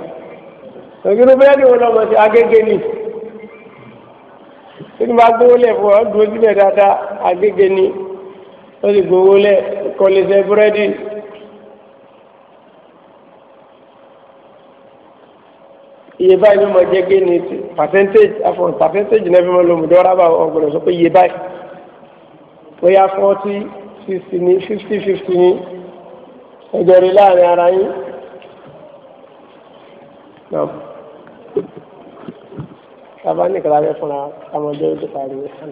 ògidì búrẹ́dì wo lọ́mọ sí agége ni tí wọ́n gbowó lẹ̀ fún ọ dúró síbẹ̀ dáadáa agége ni ó sì gbowó lẹ̀ kọ́lẹ́sẹ̀ búrẹ́dì. iye báyìí ló mọ jẹ́ géènì percentage afọ percentage náà fi mọ lómi dọ́ra bá ọgbọ̀n sọ pé iye báyìí bóyá forty sixty ni fifty fifty ni ẹjọ́ rí láàrin ara yín. Bàbá nìkan lábẹ́ fúnra ọmọdé ó ti parí rẹ̀ hàn.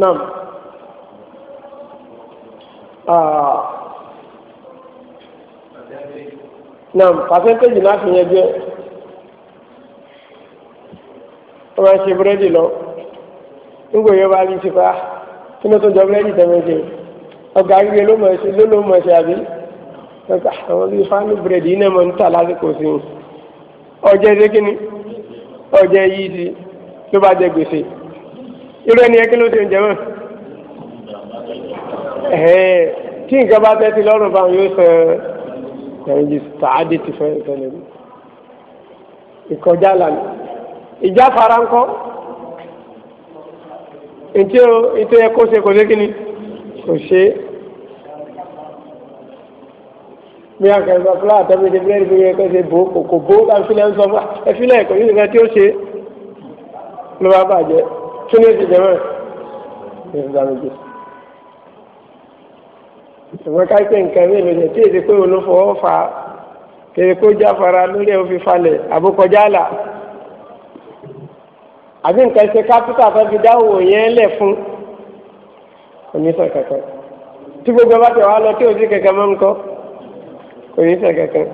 Nam. Nam pàṣẹ́ntéèjì náà fi yẹn jẹ́ wọ́n máa ń ṣe búrẹ́dì lọ. Nígbà yóò bá rí ti pa kí ló tó jọ búrẹ́dì tẹ́lẹ̀ jẹ́ ọ̀gá ríre ló mọ̀ ẹ̀ṣẹ̀ ló mọ̀ ẹ̀ṣẹ̀ àbí àwọn bíi fánú búrẹ́dì iná mọ̀ ń tà lásìkò sí i ọjọ́ ẹ̀ṣẹ̀ kí ni ọjọ́ yìí di ló bá jẹ gbèsè irú ẹni yẹn kí ló ṣe ń jẹ mọ́ tí nǹkan bá tẹ́tí lọ́rùn bá yóò sọ ẹ̀yìn sàádé ti fẹ́ ìfẹ́lẹ́ mi ìkọjá lànà ìjà fara ńkọ́ ètò ẹ̀kọ́ ṣe kò ṣe kí kò ṣe é. bí a kẹsàn fúlà àtọ́bí ti bílẹ̀ ìgbéyẹ kó ṣe bò kò bó láti fílẹ̀ ń sọ fúlà ẹ fílẹ̀ kò yíṣẹ́ tí ó ṣe ló bá bàjẹ́ tún ní ìṣèjẹ́ mọ́ ẹ̀ ń dáná jù. ìwọ́n ká pé nǹkan mi lòdì tí èdè pé òun ló fọwọ́ fa kèrè kó jáfara lórí ẹ̀ òfin falẹ̀ àbókọjá là àbí nǹkan ṣe kápítà tó fi dáwò yẹn lẹ̀ fún oníṣàn kankan tí gbogbo bá tẹ̀ wá lọ tí òsì oníṣẹ́ kankan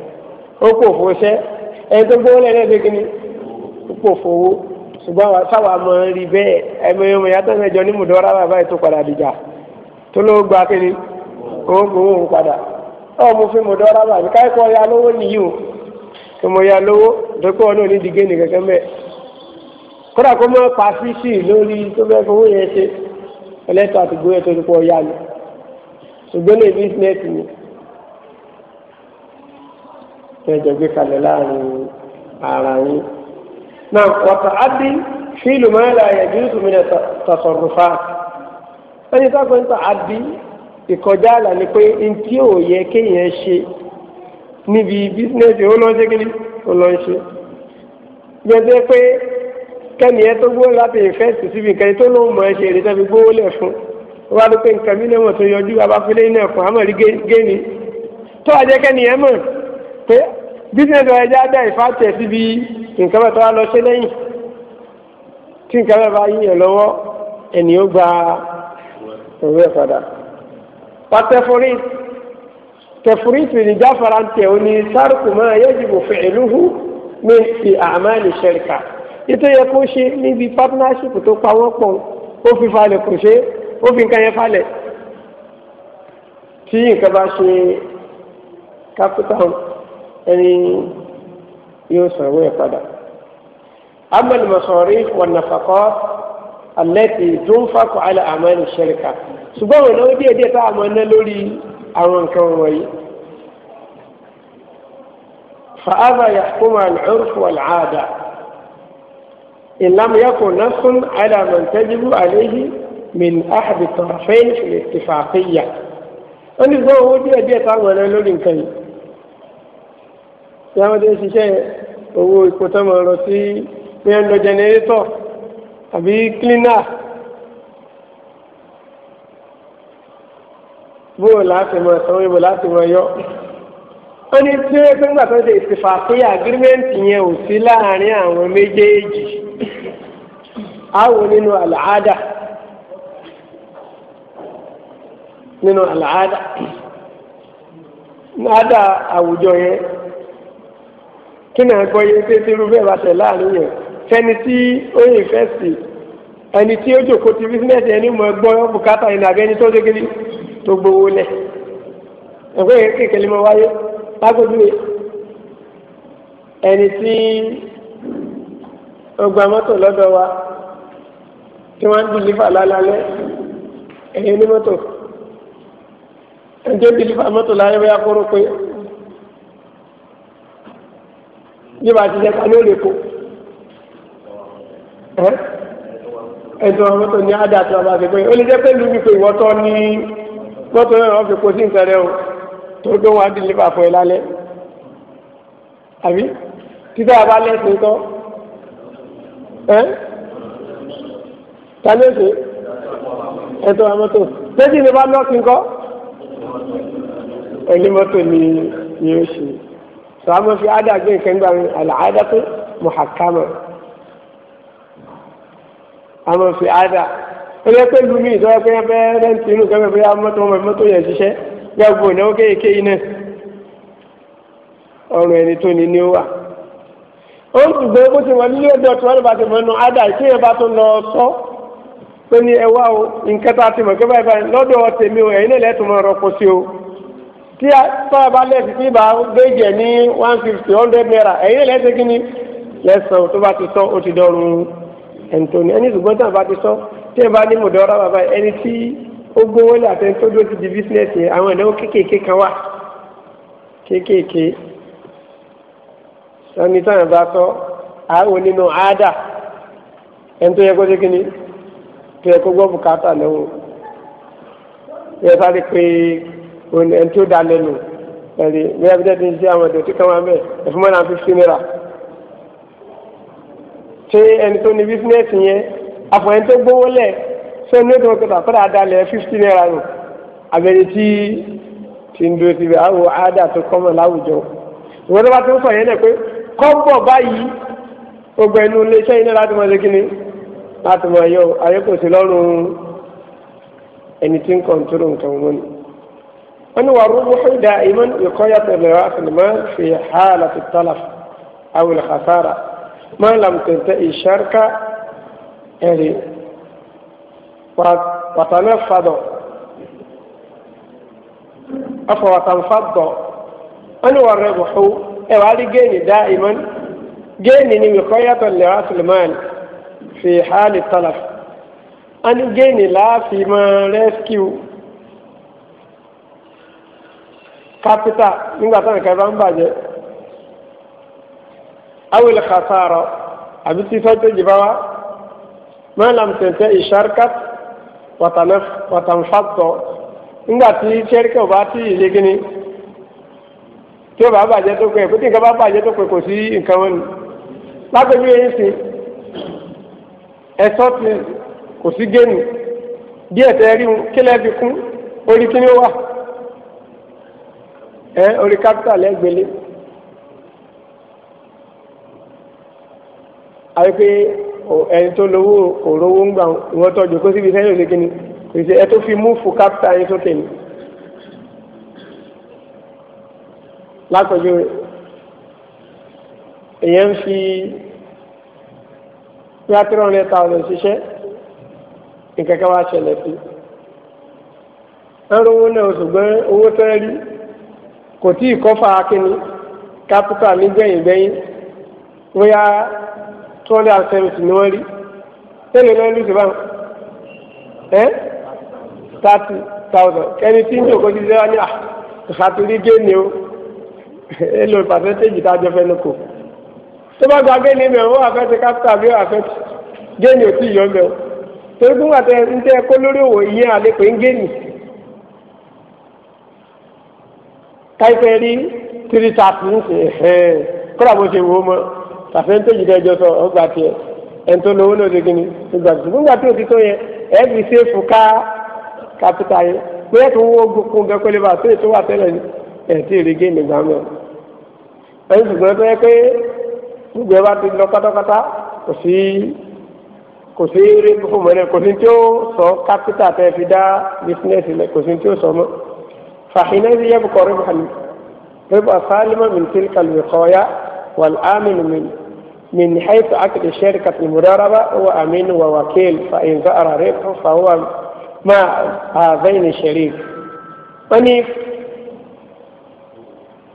ó kò fò ṣẹ́ ẹni tó gbówó lẹ́lẹ́dẹ́ kí ni ó kò fowó ṣùgbọ́n sáwà mọ̀ ń rí bẹ́ẹ̀ ẹ̀mọ ẹ̀mọ yàtọ̀ mẹ́jọ ní mùdọ́rà bàbá ètò padà dìjà tó ló gba kí ni ó gbowó òun padà ọ̀ mo fi mùdọ́rà bàbá káyọ̀ ya lówó nìyí o tó mo ya lówó dókòwò náà ní dìgé nì kankan bẹ́ẹ̀ kódà kó mọ́ pa fíṣì lórí tó bẹ́ẹ̀ fowó yẹn ṣe ẹlẹ́tọ̀ àtìgbó yẹn tó ti pọ̀ ya ni ṣùgbọ́n lè bísínẹ́sì ni tẹjọ gbé kalẹ̀ láàrin ara yín náà wàtà ádì fíìlù mẹ́rẹ̀lá ẹ̀jú ìsúnmínà tọ̀sọ̀rùfà ẹni táwọn ń tà ádì ìkọjá àlà ni pé ntí ò yẹ kéèyàn ṣe níbi bísínẹ́sì ó lọ ṣe kí ni ó lọ ṣe gbẹdẹ pé kẹ́ni ẹ tó gbó láti ìfẹ́sì síbi nǹkan tó lóun mọ̀ ẹ́ ṣe èrè tẹ́bi gbówó lẹ̀ fún wá ló pé nǹkan mi náà tó yọjú abáfẹ́lẹ́ náà fún àmọ́ rí géèni tó àjẹkẹ́ni ẹ mọ̀ pé business rẹ̀ jẹ́ abẹ́ ìfàtẹ̀ síbi nǹkan bẹ́ẹ̀ tó wá lọ sí lẹ́yìn tí nǹkan bẹ́ẹ̀ bá yíyàn lọ́wọ́ ẹni ó gba òwe padà. pàtẹ́fúrí tẹ̀fúrí tìrì jáfara ń tẹ̀ ó ní sárùkù máa yajibu fi'luhu ní fi a'mali sharika ètò yẹ kó ṣe níbi partnership tó pa wọ́n pọ̀ ó fi falẹ̀ kò ṣe ó fi nǹkan yẹn falẹ̀ tí nǹkan bá ṣe capital يسر yóò أما المصاريف والنفقات التي تنفق على أعمال الشركة سبحان الله ìnáwó díẹ̀ تعمل لولي أمان كوي ná يحكم يحكمها العرف والعادة إن لم يكن نص على من تجب عليه من أحد الطرفين في الاتفاقية. أنا ní gbọ́n owó díẹ̀ díẹ̀ tí wọ́n ti ń ṣiṣẹ́ owó ipò tó máa lọ sí pé ń lọ jẹnẹrétọ̀ àbí kílínà bóò láti mọ sanwó ibò láti mọ yọ wọ́n ní tí ó yẹ pé nígbà tó ṣe ìsìfàfíà agirímẹ́ǹtì yẹn ò sí láàárín àwọn méjèèjì àwò nínú àlàáda nínú àlàáda àlàáda àwùjọ yẹn kí náà gbọ́ yé pé tí irú bẹ́ẹ̀ bá tẹ̀ láàrin yẹn fẹ́ni tí ó yìn fẹ́ sí ẹni tí ó jòkó ti bísínẹ́sì ẹni mọ̀ gbọ́ bùkátà yìí nàbẹ́ ẹni tó dégéli tó gbowó lẹ̀ ẹ̀kọ́ yẹn kékeré mọ wáyé lágbègbè ẹni tí ó mọ́tò lọ́dọ̀ wa tí wọ́n ń dìlífà lálálẹ́ ẹ̀yìn onímọ́tò ẹni tó dìlífà mọ́tò láyé bóyá kóró pé bí ba ti jẹ ká lóore kó ẹ̀sùn ọmọ tó ní àdá tó ọba àgbẹ̀gbẹ̀ ó lè jẹ́ pé lùmí pé ìwọ́tọ́ ní mọ́tò náà wọ́n fi kó sí nǹkan rẹ o tó gbé wọn á dìlífà fún ẹ lálẹ́ àbí títà bá lẹ́sìn tán ẹ́ ta ló ṣe ẹ̀tọ́ ọmọ tó lẹ́sìn ni bá lọ́ọ̀kì ńkọ́ ẹ̀lẹ́mọ́tò ni yóò ṣe sọ a máa fi ádà gbé nǹkan gbà mí àlàádá tó mọ̀hàkámà a máa fi ádà ó yẹ pé lumi ìtọ́wọ́ pé ẹgbẹ́ rẹ́ǹtì inú kẹ́mẹ́ bóyá mọ́tò ọmọ mọ́tò yẹn ṣiṣẹ́ gbàgbó ìnáwó kéèké yìí náà ọrùn ẹni tó ní ní ó wà ó sì gbé bó ti wọ nílé ẹjọ́ tí wọn bá ti mọ ẹnu ádà tí ẹ bá tó lọ sọ pé ní ẹwà o nǹkan tá a ti mọ kí báyìí báyìí lọ́dọ̀ tèmi o ẹ̀yin náà lẹẹtùmọ ọ̀rọ̀ kò sí o tí a tọ́ ọba lẹ́sìn tí ìbá gbéjẹ ní one fifty hundred naira ẹ̀yin lẹ́sẹ̀ kí ni lẹ́sàn tó bá ti sọ ó ti dọ̀rùn ẹni tó ní ẹni ṣùgbọ́n tí a bá ti sọ tí ẹ bá ní mọ̀dọ́ ọ̀rọ̀ bàbá ẹni tí ó gbówó lé àtẹni tó dúró ti di bísínẹ́sì yẹn àwọn ìnáwó kéékèèké kan wà kéékèèké sani táwọn bá sọ àwọn nínú àádà ẹni tó yẹ kó ṣe kí ni tó yẹ kó gbọ́ bùkátà lẹ́wọ̀n yẹ òní ẹni tó da lẹ́nu ẹ̀rí bóyá bí dẹ́ẹ̀dì ń ṣe àwọn ìdọ̀tí kan wà mẹ́ ẹ̀fún mọ́ra fífi náírà. ṣé ẹni tó ní bísínẹ́sì yẹn àfọ̀yẹ́ni tó gbówó lẹ̀ ṣé ní ètò ìkọta kọ́dà adalẹ̀ fífi náírà nù abẹ́rẹ́ tí ti ń dúró síbi àwọn àádà tó kọ́ mọ̀ láwùjọ. ìwé tó bá ti ń sọ yẹn lẹ̀ pé kọ́ńbọ̀ báyìí gbogbo ẹnu iléeṣẹ́ iná láti mọ̀ ṣékíní láti mọ̀ ayé kò sí lọ́rùn ẹni tí ń kọ̀ǹtúrò nǹkan wọn أن الروح دائما يقيد لرأس المال في حالة التلف أو الخسارة ما لم تنتهي الشركة يعني وتنفض أفو وتنفض أن الروح إيه، وهذا جين دائما جيني يقيد لرأس المال في حال التلف أن جيني لا في ما ريسكيو إيه، Kapita nígbà táwọn nǹkan bá ń bàjẹ́ awil khasara àbí tí sọ́jọ́jì bá wá mẹ́làm tẹ̀tẹ̀ ìṣarkat wàtàǹfàtọ̀ nígbà tí sẹ́ríkẹ́ ò bá tí ì yege ni tí ó bá bàjẹ́ tó pẹ́ kó tí nǹkan bá bàjẹ́ tó pẹ́ kò sí nǹkan wọn ni lápẹ́jú yẹn sìn ẹ̀sọ́ ti kò sí géèmù díẹ̀ tẹ́ rí kílẹ̀ fi kún orí kíní wà ẹ orí kápítà lẹ́gbẹ̀lẹ́ àwípé ẹni tó lówó kò rówó ń gbà wọ́n tọ́jú kó síbi sẹ́yìn òsèké ni kò sí ẹ tó fi múfù kápítà yín sókè ni. lákòjú èèyàn ń fi bóyá three hundred thousand ṣiṣẹ́ nǹkan kan wá ṣẹlẹ̀ sí. ẹrù owó náà ṣùgbọ́n owó tẹ́lẹ̀ rí kò tí ì kọ́fà kínní kápítà ní gbẹ̀yìngbẹ̀yìn bóyá two hundred and seventy ni wọ́n rí tẹ́lẹ̀ náà lùsùn báwọn ẹ́ thirty thousand kẹ́ni tí ń jòkó sí sẹ́wọ́n ní à ah, ìfàtúrí géènì o èlò pàṣẹ́ntéèjì tá a jọ fẹ́ lóko tó bá gba géènì mẹ́rin ó àfẹ́tí kápítà bí ó àfẹ́tí géènì ò tí ì yọ mẹ́rin torí fún àtẹ ń tẹ́ kó lórí òwò ìyẹn àlepẹ̀ ń géènì. káyipẹ́ rí tírí tààtì ń sè é kọ́lá bó ṣe wò ó mọ́ tàfẹ́ tó jìdá ẹjọ́ sọ ọgbà tiẹ̀ ẹ̀ ń tó lówó lóde gini nígbà tó nígbà tó ti tó yẹ ẹ̀ fi ṣéèfù ká kápítà yẹ pé ẹ̀ tó ń wó kún gẹ́ pẹ́lẹ́ bá tó ètò wà tẹ́lẹ̀ ní ẹ̀ tí ì rí géèmì gbà mọ́ ẹ̀ ń ṣùgbọ́n tó pé gbogbo ẹ̀ ti lọ pátápátá kò sí kò sí rí fún mọ́lẹ̀ kò sí tí ó sọ kápítà tẹ́ fi dá bísínẹ́sì lẹ̀ kò sí tí ó sọ mọ́. فحينئذ يبقى ربحا ربح سالما من تلك الوقاية والآمن من من حيث عقد شركة المدربة هو أمين ووكيل فإن ظهر ربحه فهو مع هذين الشريك وني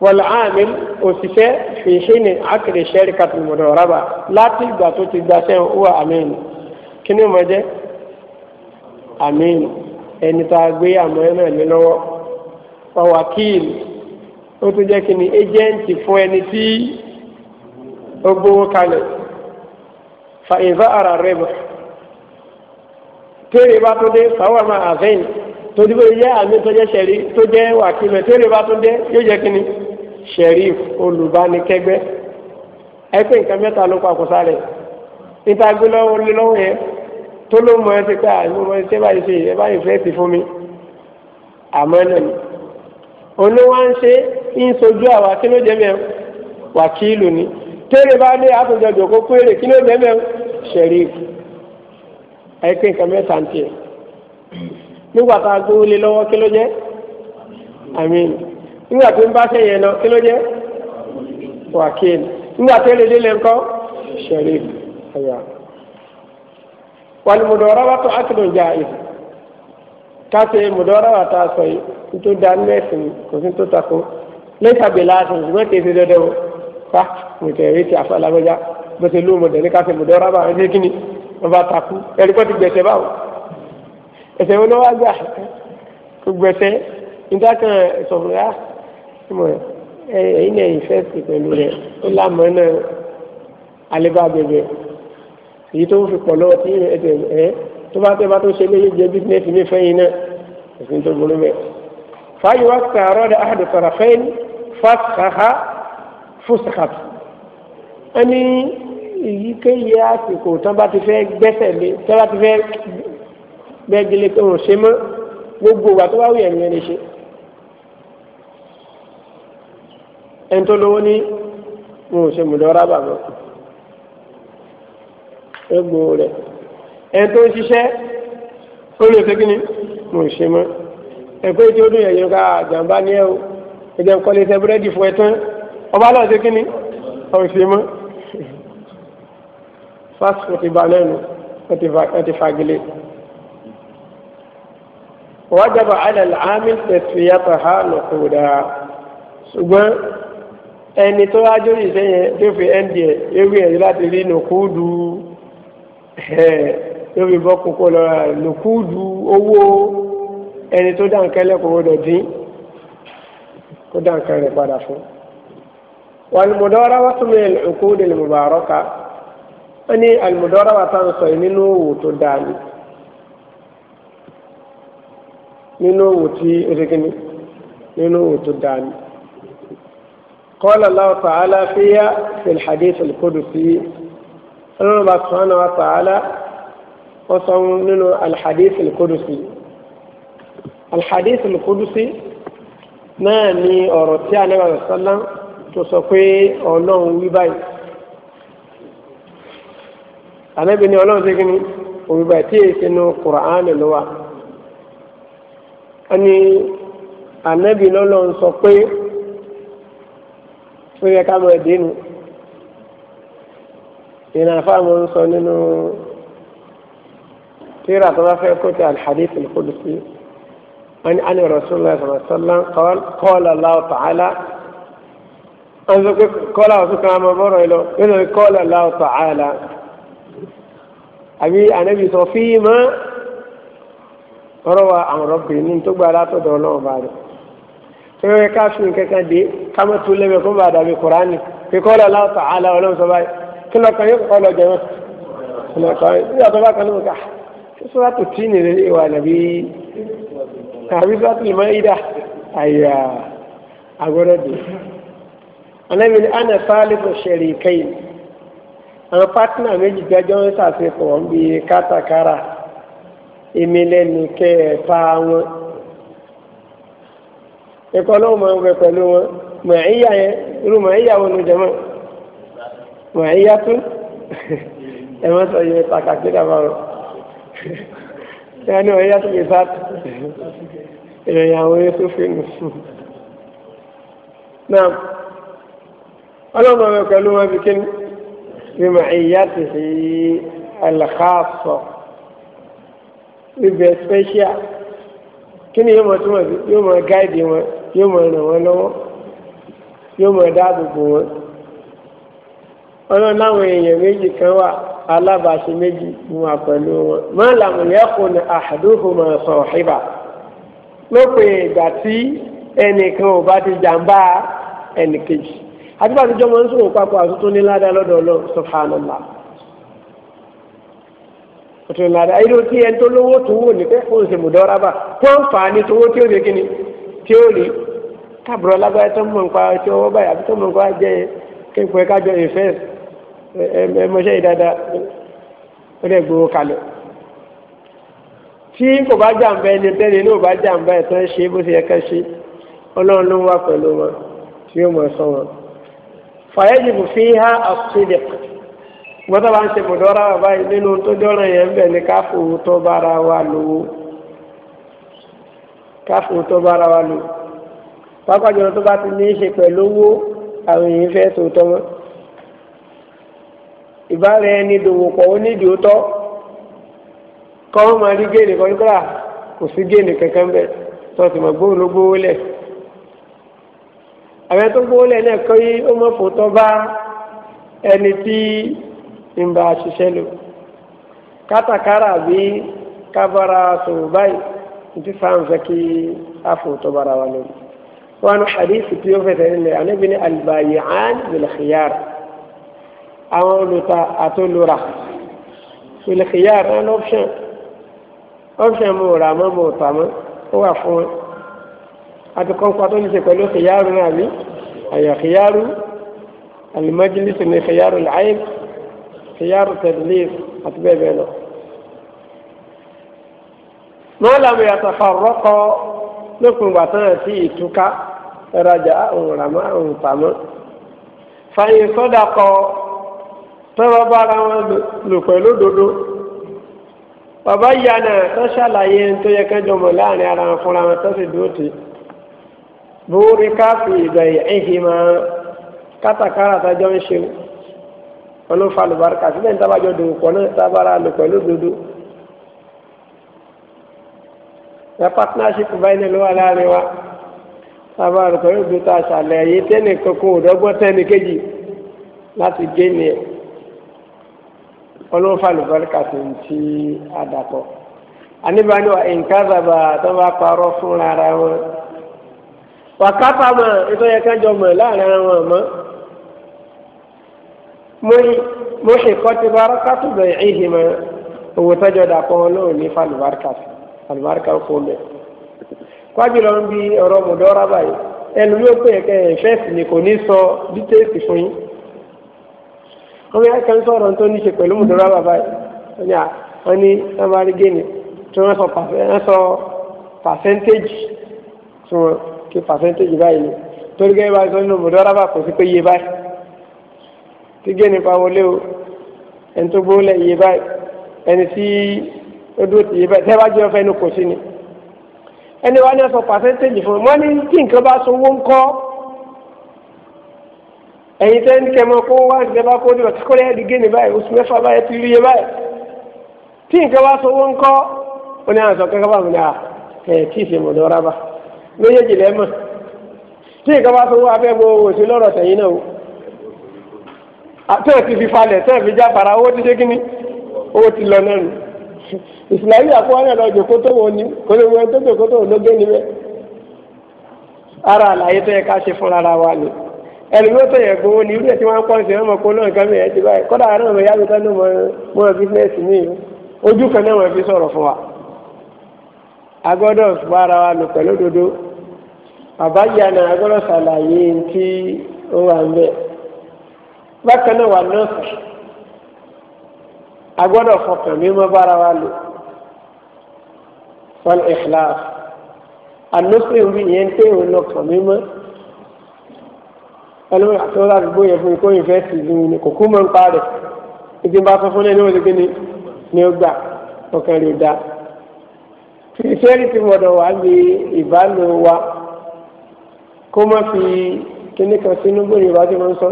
والعامل أسسه في حين عقد شركة المدربة لا تبقى تتدسه هو أمين كنو مجد أمين إن tá أمين gbé fawakil ó tún jẹ́ kí ni ejẹ́ǹtì fún ẹni tí ó gbowó kalẹ̀ fa ìzá ara rẹ̀ bọ̀ tẹ́rẹ̀ bá tó dé fáwọn máa àfẹ́yìn tó dúró yẹ àmì tó jẹ́ sẹ̀rí tó jẹ́ wàkìlẹ̀ tẹ́rẹ̀ bá tó dé yóò jẹ́ kí ni sẹ̀rí olùbánikẹ́gbẹ́ ẹ pé nǹkan mẹ́ta ló pa kùsà rẹ̀ níta gbé lọ́wọ́ lé lọ́wọ́ yẹn tó ló mọ ẹ ti pé àìmọ́ ẹ ti báyìí ṣe ẹ ti fún mi àmọ́ náà olówó ń ṣe ń sojú àwa kí ló jẹ mẹ́rin wàkílù ni tẹ́lẹ̀ bá dé àtúnjọjọ kó péré kí ló jẹ mẹ́rin sheriff ẹ̀kẹ́ nǹkan mẹ́ta ń tiẹ̀ nígbà tá a gbówó lé lọ́wọ́ kí ló jẹ́ àmín nígbà ń bá ṣe yẹn lọ kí ló jẹ́ wàkílù nígbà tó lè délé ńkọ́ sheriff ẹ̀yà wàlúmọ̀dọ̀ ọ̀rọ̀ wàtò àkìlọ̀ jà ìlú káṣe mùdọ́rọ̀wà tá a sọ yìí tó da nínú ẹ̀sìn kò sí tó takò lẹ́sàbẹ̀ láàṣìn ṣùgbọ́n kì í ṣe dandan o fa mùtẹ̀rẹ̀ ti àfa làgbẹ́já bó ṣe lóun mọ̀dẹ̀ ní káṣe mùdọ́rọ̀wà ẹ̀ṣẹ̀ kí ni wọ́n bá takú ẹ̀rí pọ́ o gbẹ̀ṣẹ̀ báwo ẹ̀ṣẹ̀ wọn wá gbà kó gbẹ̀ṣẹ̀ níta kan sọ̀rọ̀ yá ẹ̀yìn náà yìí fẹ́ẹ̀sì pẹ̀lú rẹ̀ ó lámọ̀ náà alẹ́ bá bẹ̀bẹ̀ èyí tó ń fi pọ̀ lọ́wọ́ tí ẹ̀ tó bá tẹ́ bá tó ṣe léyìí jẹ́ bísínẹ́sì mi fẹ́yìn náà òfin tó burú bẹ́ẹ̀. fàáyì wá sàárọ̀ dà áhàdù sọ̀rọ̀ fẹ́yìn fàṣàhà fúṣàkàtù. wọ́n ní èyíkéyìí àsìkò tán bá ti fẹ́ gbẹ́sẹ̀ lé tán bá ti fẹ́ gbẹ́gilé pé òun ṣe mọ́ gbogbo wa tó wá wù ẹ̀mí ẹni ṣe. ẹni tó lówó ní wọn ò ṣe mùdọ́rábà mọ́. ẹgbò rẹ̀ ẹni tó ń ṣiṣẹ́ ó lè ṣe kíni mo ṣe mọ́ ẹ̀kọ́ tí ó dùn yẹn yẹn ká jàǹbá ní ẹ o ẹ̀jẹ̀ ń kọ́lé iṣẹ́ búrẹ́dì fún ẹ tán ọba náà ṣe kíni ọ̀ ṣe mọ́ fásitì ti ba lẹ́nu wọ́n ti fagilé. wajaba ala al-aamil tasfiyataha nuquda ṣùgbọ́n ẹni tó ájó yìí sẹ́yìn tó fi ẹ̀ ń diẹ ewé ẹ̀ láti rí nùkúdù ẹ̀ẹ́ yóò fi bọ́ kókó lọ lòkúdù owó ẹni tó dá nǹkan lẹ́kọ̀ọ́ gbọ́dọ̀ dín kó dá nǹkan rẹ̀ padà fún. wàlùmọ̀dọ́ra wá tún bẹ́ẹ̀ òkú dèlè mọ̀bàárọ̀ ká wọ́n ní àlùmọ̀dọ́ra wà sọ yìí nínú òwò tó dáa ni nínú òwò tí ó ṣe kíni nínú òwò tó dáa ni. قال الله تعالى فيها في الحديث القدسي الله سبحانه وتعالى wọ́n sọ nínú alhadith al-kudusi alhadith al-kudusi náà ni ọ̀rọ̀ tí alẹ́ wa sọ́lá tó sọ pé ọlọ́run wí báyìí ànábì ni ọlọ́run ṣe kí ni òwì báyìí tí èyí sínú kùránì ló wà ẹni ànábì lọ́lọ́run sọ pé ó yẹ ká mọ ẹ̀dínú ìrìn àfáà ń sọ nínú. تيرا تضافي كتب الحديث القدسي عن عن رسول الله صلى الله عليه وسلم قال قال الله تعالى أن قال وسكر ما مر له إنه قال الله تعالى أبي النبي صفيما روى عن ربي من تبع لا تدولون بعد tẹ́wẹ́ ká fi kankan dé ká má tún lẹ́mẹ̀ kó bá dàbí kuraani fi kọ́ lọ́la ọ̀tà àlà كل sọ báyìí kí lọ́kàn yóò kọ́ lọ sọ́sọ́rọ́tò tí nìyẹn lè wà nàbí àbí sọ́sọ́rọ́tò lè máa yídà àyà àgọ́dọ̀ dè. Ànábi ni Anna Sálífù ṣẹ̀rì Àwọn pátínà méjì gbẹ́jọ́ ń ṣàṣepọ̀ bí kátàkárà. Èmi lẹ́nu kẹta wọn. Ẹ̀kọ́ náà máa ń wẹ pẹ̀lú wọn. Màáyà yẹn, irú wọn ló jẹ mọ́. tún. sọ yẹn pàtàkì ẹni ọ̀rẹ́ yàtọ̀ lè bá ìròyìn àwọn eré sófin nù. náà ọlọ́run ọ̀rẹ́ pẹ̀lú wọn fi kíni bí mà ìyá ti fi àlàkáàsọ ibẹ̀ special kíni yóò máa túmọ̀ sí yóò máa gáìdì wọn yóò máa ràn wọn lọ́wọ́ yóò máa dáàbò bò wọn ọlọ́run láwọn èèyàn méjì kan wà alábàáṣe méjì mú wa pẹ̀lú wọn máa làmù yẹ́kùn ní àdúhùmọ̀ sọ̀hìbà lópin ìgbà tí ẹnìkan ò bá ti jàǹbá ẹnìkejì àtúbà tó jọmọ ń sòwò papọ̀ àtúntò ní ládàá lọ́dọ̀ ọlọ́run sọ̀fàánàlá òtún ìlànà ayélujára tí ẹni tó lówó tó wò ní pé fóun ṣe mùdọ́rábà tó ń fà á ní tówó tí ó ṣe kíni tí ó rí káàbùrọ̀ lágbára tó mọ̀ nípa tí ẹ mọṣẹ́ yìí dáadáa ó dẹ̀ gbowó kalẹ̀ tí kò bá jàǹbá ẹni tẹ́lẹ̀ ní ò bá jàǹbá ẹ̀ tán ṣe bó ṣe yẹ ká ṣe ọlọ́run ló ń wá pẹ̀lú wọn tí yóò mọ̀ sọ wọn. fi há àkùsílẹ̀ gbọ́dọ̀ bá ń ṣe mọ̀dọ́rà báyìí nínú tó dọ́rọ̀ yẹn ń bẹ̀ ní káfòwò tó wa lówó tó wa lówó pápá ìbára ẹni dòwòpọ̀ onídìí ó tọ́ kọ́ wọ́n máa rí géènì kan nígbà kò sí géènì kankan bẹ́ẹ̀ tó ti mọ̀ gbóhùn ló gbówó lẹ̀ àwọn tó gbówó lẹ̀ náà kọ́ yí ó mọ̀ fòótọ́ bá ẹni tí ń bá ṣiṣẹ́ lò kátàkárà bí kábàárà sọ̀rọ̀ báyìí nti fan zaki afu to bara wani wani hadisi tiyo fete ne anabini albayi'an bil khiyar àwọn olùta àti olùrà ìlẹ̀kìyà rẹ̀ ní option option mo rà mọ́ mo tà mọ́ ó wà fún wọn àti kọ́ńpá tó ní ṣe pẹ̀lú kìyàrú náà ní àyà kìyàrú alimajilisi ní kìyàrú làáyìn kìyàrú tẹ̀lif àti bẹ́ẹ̀ bẹ́ẹ̀ lọ. wọ́n làwọn yàtọ̀ fàrọ́kọ lókun bàtàn àti ìtúká rajà òun rà òun tà mọ́ fàyè sọ́dà kọ́ tọ́rọ bára wọn lò pẹ̀lú òdodo bàbá ìyá náà tó ṣàlàyé tó yẹ kẹjọ mọ̀ láàrin ara wọn fúnra wọn tó sì dúró tì bóórí káfí ìgbà ìhìn máa kátàkárà tájọ ń ṣe wọn ló fa àlùbáríkà sílẹ̀ ní tábàjọ dòwò pọ̀ náà tábàrà lò pẹ̀lú òdodo ẹ partnership báyìí ní ló wà láàrin wa tábàrà lò pẹ̀lú tá a ṣàlàyé tẹ́nì kankan ò dọ́gbọ́n tẹ́nì kejì láti gé ni ọlọ́run fàlùbáríkà tó ń ti àdàpọ̀ anibani wa nkazaba tó bá parọ́ fún ara wọn wàkàtà mọ̀ ètò yẹn kájọ mọ̀ láàrin ara wọn mọ́ mo ṣe kọ́ ti bárakà tó bẹ̀rẹ̀ ìhì mọ́ owó tọ́jọ́ dàpọ̀ ọlọ́run ní fàlùbáríkà fàlùbáríkà kò mẹ́ kwájú ń bi ọ̀rọ̀ mọ̀dọ́ra báyìí ẹnu yóò pè é kẹ́ ẹ̀ fẹ́ẹ̀sì ni kò ní sọ dítẹ́ẹ̀sì fún yín wọ́n bí akẹ́kẹ́ ń sọ̀rọ̀ tó ní ṣe pẹ̀lú mùsùlùmí bàbá yìí wọ́n ní sábàárì gẹ́nì tí wọ́n sọ pàṣẹ́ntéèjì tí wọ́n kí pàṣẹ́ntéèjì báyìí ni torí gẹ́gẹ́ bá sọ nínú mùsùlùmí kò sí pé iye báyìí tí gẹ́nì pa wọlé o ẹni tó gbówó lẹ̀ báyìí ẹni tí ó dúró ti iye báyìí tẹ́ bá jẹ́ ọ̀fẹ́ inú kò sí ni ẹni wá ní ọ̀sán pàṣẹ́ntéèjì fún mi wọ́n ní kí nǹkan bá so owó ń Eyi tẹ́ ní kẹmọ kó wá ìjọba kó dé ọ̀tí kọ́lẹ́ ẹ̀dí géènì báyìí oṣù mẹ́fà báyìí ti rí báyìí tí nǹkan sọ ó ní ní ẹ̀ tí lẹ́mọ̀ tí nǹkan sọ abẹ́ bo lọ́rọ̀ tẹ̀yìn náà o àtẹ́ẹ̀ ti fi falẹ̀ fi owó ti dé owó ti lọ náà nù lọ ara ẹlòmíì tó yẹ gbowó ni irú ẹ tí wọn kọ́ ṣe ọmọ kó lóun kan mi ẹ ti báyìí kọ́dà àwọn ọmọ yàgò kan ní mọ bísínẹ́sì mi ojú kan náà wọn fi sọ̀rọ̀ fún wa a gbọ́dọ̀ bá ara wa lò pẹ̀lú òdodo àbájá náà a ṣàlàyé tí ó wà ń bẹ̀ bákan náà wà nọ́ọ̀sì a gbọ́dọ̀ fọkàn mímọ́ bára wa lò fọl ìhlàf ànọ́sì ń ẹlòmíràn àti wọn láti gbóyè fún ikó ìfẹsì ìlú ni kò kú mọ ń pa ìdí bá sọ fún ẹni wọn lókè ni ó gbà ọkàn rẹ dá ìfẹ́rí ti gbọ́dọ̀ wà ní ìbálò wa kó má fi kíní kan sínú gbòòrò ìwádìí máa ń sọ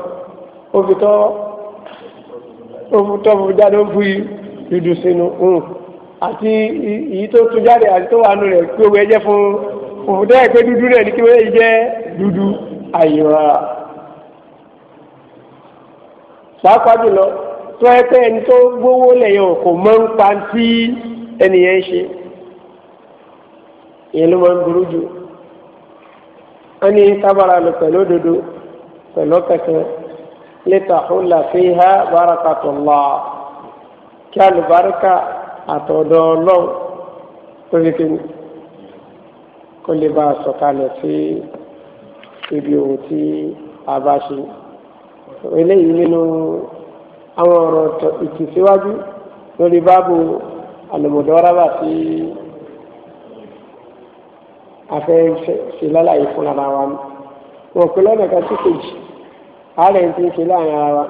ó fi tọ́ ó fi tọ́ fún jáde ó fi dudu sínú àti èyí tó tún jáde àti tó wà nù rẹ̀ pé owó ẹjẹ́ fún òfin tẹ́lẹ̀ pé dúdú rẹ̀ ní kí wọ́n yẹ jẹ́ dúdú àyè rárá pàápàá jùlọ tó ẹ pé ẹni tó gbówó lẹ́yìn kò mọ ń pa tí ẹnìyẹn ṣe ìyẹn ló máa ń burú jù wọn ní sábàrà lò pẹ̀lú òdodo pẹ̀lú kẹ̀kẹ́ lẹ́tà ọ̀là fi há barakatullah kí alùbáríkà àtọ̀dọ̀ ọlọ́run tó fi kéwì kó lè bá a sọ̀kalẹ̀ sí ibi òun tí a bá ṣe eléyìí nínú àwọn ọ̀rọ̀ ìtìsíwájú lórí báàbù àlùmọ̀dọ́rábà tí afẹ́ ṣe lálàyé fún ara wa ni wọn pẹ̀lú ọ̀nà kan sí kejì ààrẹ ti ń ṣe láàrin ara wa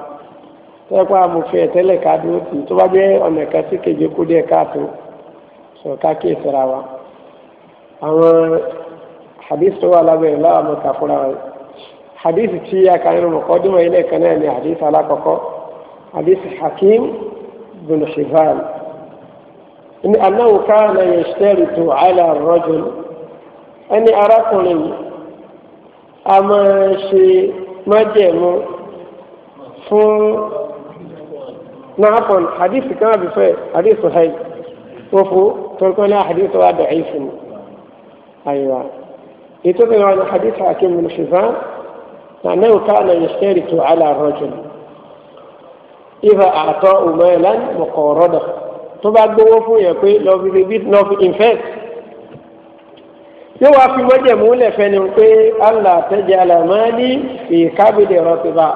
tẹ́pá amòfin ẹ̀tẹ́lẹ̀ ká dúró tì tó bá jẹ́ ọ̀nà kan sí kejì kú díẹ̀ káàtó sọ̀rọ̀ ká kí ìsara wa àwọn hadith tó wà lábẹ́rẹ̀ láwọn ọmọ kà wa yìí hadisi tí a kà nínú mọ̀kọ́dúnmọ̀ ilé kan náà ni hadisi alákọ̀ọ́kọ́ hadisi hakim bin hibban ni anáwó káàna yẹ̀ṣẹ́rì tó àlà rọ́jùl ẹni arákùnrin a máa ṣe májẹ̀mú fún nàápọ̀n hadisi kan àbí fẹ́ hadisi hayi fófó torkọ́ náà hadisi wa da'ifun ayiwa ètò ìrìn àwọn hadisi hakim bin hibban فأنه كان يشترط على الرجل إذا أعطاه مالا مقارنة tó bá gbowó fún yẹn pé lọ fi fi lọ fi invest yóò wá fi mọ́jẹ̀mú lẹ̀fẹ́ ni pé allah tẹ́jẹ́ alamani fi kábìlì rọ́tìbà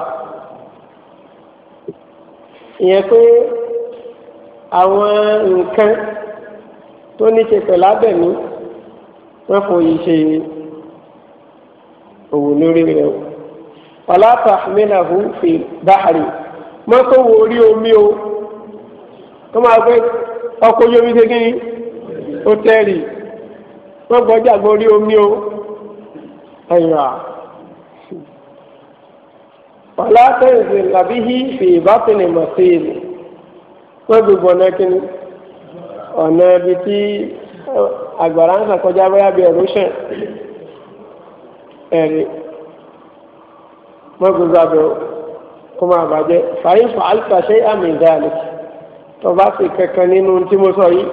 ìyẹn pé àwọn nǹkan tó ní ṣe pẹ̀lú abẹ̀mí wọ́n fòye ṣe òwò lórí rẹ̀ o wàlá tahmilahu fi bahari mọ́tò wo orí omi o kó máa gbé ọkọ̀ ojú omi ṣe kí ni ó tẹ́rì wọ́n gbọ́jà omi o ẹ̀yà wàlá tẹ̀sí làbíhí fi ìbátan ìmọ̀síìlì wọ́n gbogbo ọ̀nà kíni ọ̀nà ibi tí àgbàrá ń sàkọjá bóyá bí mọ́gbọ́n sábẹ́ kó máa fa fàyín fà alifàṣẹ àmì ìdáàlẹ̀ tó bá sì kankan nínú tí mo sọ yìí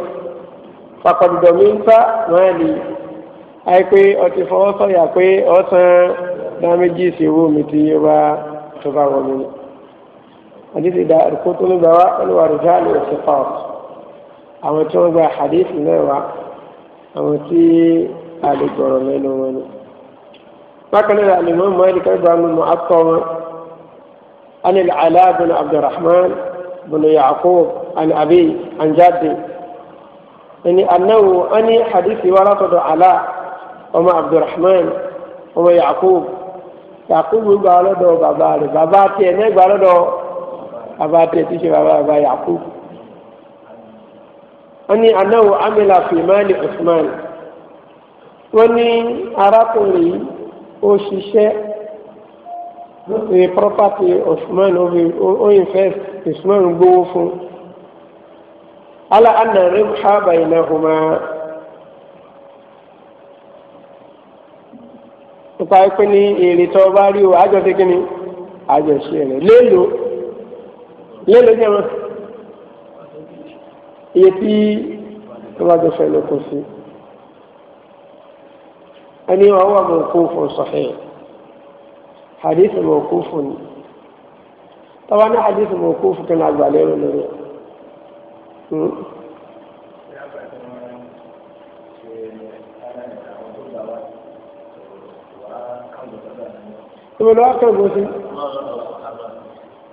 fàkọ̀dùdọ̀ mi ń ta máa lè àyè pé ọtí fọwọ́ sọ̀yà pé ọ̀sán dáméjì ìṣèwò mi ti yẹ wá tó bá wọ̀ mí. àdìsí ìdá àdìkú tó ní gbàwá olùwà rìjà lè ṣe pa àwọn tí wọ́n gba àdìsí náà wá àwọn tí a lè gbọ̀rọ̀ wọn ni bákan náà alimọ́ mọ́lì kan gba mímu akọ wọn ani ala bin abdulrahman bin yaqub ani abi an jaddi ani annahu ani hadithi wa látọ̀dọ̀ ala ọmọ abdulrahman ọmọ yaqub yaqub gba lọ́dọ̀ bàbá rẹ̀ bàbá tiẹ̀ ní gba lọ́dọ̀ bàbá tiẹ̀ tí ṣe bàbá bàbá yaqub ani annahu amila fi mali usman wọ́n ní arákùnrin ó ṣiṣẹ́ lórí property Usman ó invest Usman gbowó fún ala anna ribha baynahuma nípa pé ní èrè tó bá rí o àjọ ṣe kíni àjọ ṣe rẹ̀ lélo lélo jẹ́ wọn iye tí tó bá jọ fẹ́ lókun sí i. أني هو موقوف صحيح حديث موقوف طبعا حديث موقوف كان عبد عليه ولا لا؟ لو أكل بوسي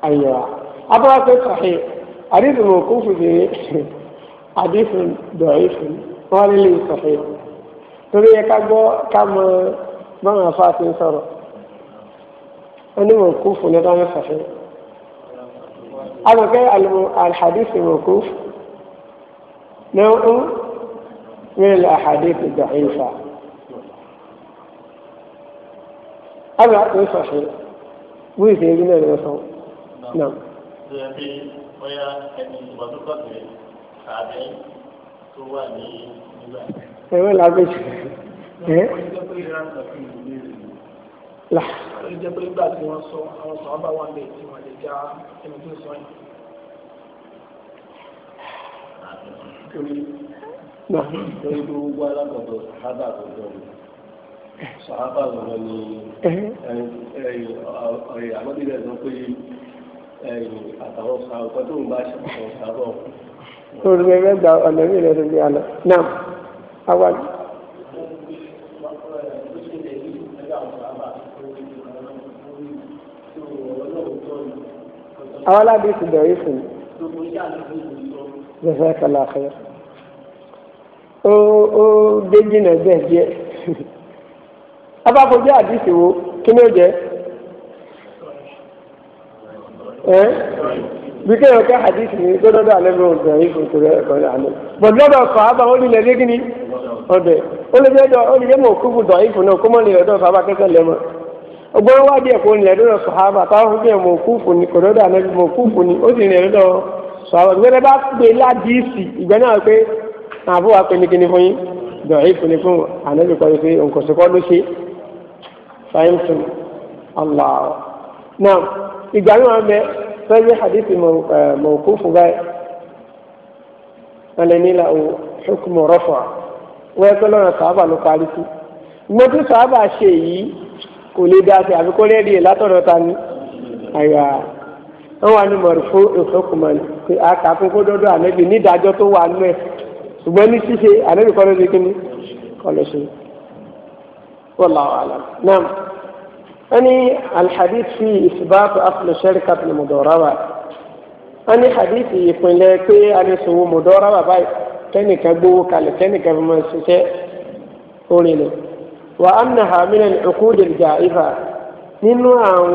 أيوة صحيح حديث موقوف في حديث ضعيف قال لي صحيح torí ẹ ká gbọ́ ká mọ báwọn afá ti ń sọ̀rọ̀ onímọ̀ kú fún ní báwọn fàfẹ́ alùpẹ́ alhadisi mọ̀ kú náà ń mẹ́rin alhadisi da'ifa alùpẹ́ àti fàfẹ́ bú ìṣe ibi náà lọ sọ náà. ẹ̀rọ làbẹ́sì ẹ̀ là. ó jẹ́ pé nígbà tí wọ́n sọ àwọn sọ̀rọ̀ bá wà lẹ́yìn tí wọ́n lè já ẹni tó sọ yìí. torí gbogbo alákọ̀ọ́dọ̀ sàhábà gbogbo ni eh. sàhábà gbogbo ni eh. eh, àmọ́bí rẹ̀ sọ pé àtàwọn sàhábà tó ń bá ṣe àwọn sàhábà ọ̀hún lórí ẹgbẹ́ gba ọ̀nà ìrìnlẹ̀ lórí àná náà awájú. àwọn aládé ti bẹ̀rẹ̀ fún mi lọ́sẹ̀ kọlá àkẹyọ. ó ó dé jìnnà bẹ́ẹ̀ díẹ̀ abáfojú àdìsí wo kí ni ó jẹ́ ẹ́ bí kéèyàn ká hadith ní tó lọ́dọ̀ alẹ́ mi ò dùn àyè fún torí ẹ̀kọ́ ní alẹ́ bọ̀dù lọ́dọ̀ sàhábà ó nílẹ̀ lé gíní ọ̀dẹ̀ ó lè jẹ́ ó lè jẹ́ mọ̀ òkú dùn àyè fún náà kó mọ̀ lè lọ́dọ̀ sàhábà kẹ́kẹ́ lẹ́ mọ́ ọgbọ́n wá díẹ̀ kó nílẹ̀ lọ́dọ̀ sàhábà táwọn fún bíẹ̀ mọ̀ òkú fún ni kò lọ́dọ̀ alẹ́ mọ̀ òkú ni ó sì nílẹ̀ lọ́dọ̀ sàhábà gbẹ́dẹ́ bá gbé ládìísì ìgbẹ́ náà pé àbú wa pé nìkíní fún yín dọ̀ àyè fún ni fún ànábì kọ́ pé òǹkọ̀sọ̀kọ́ ló Allah náà ìgbà náà fẹ́ gbé hadithi mawqufu báyìí wọn lè nílà o hukmu rafa wọn yẹ kó lọ́nà sàábà ló parí sí mo tún sàábà ṣe yìí kò lè dá sí àbí kó lè rí i látọ̀dọ̀ ta ni àyà wọn wà ní mọ̀rùfó ìfọkùnmọ̀ pé a kà fún kó dọ́dọ̀ ànábì nídàájọ́ tó wà nú ẹ̀ ṣùgbọ́n ní ṣíṣe ànábì kọ́ ló kí ni kọ́ ló ṣe wọ́n làwọn àlà náà. أني الحديث في إثبات أصل شركة المضاربة أني حديث يكون لك أني سو مضاربة باي كني كبو كال كني كبو قولي وأنها من العقود الجائفة nínú àwọn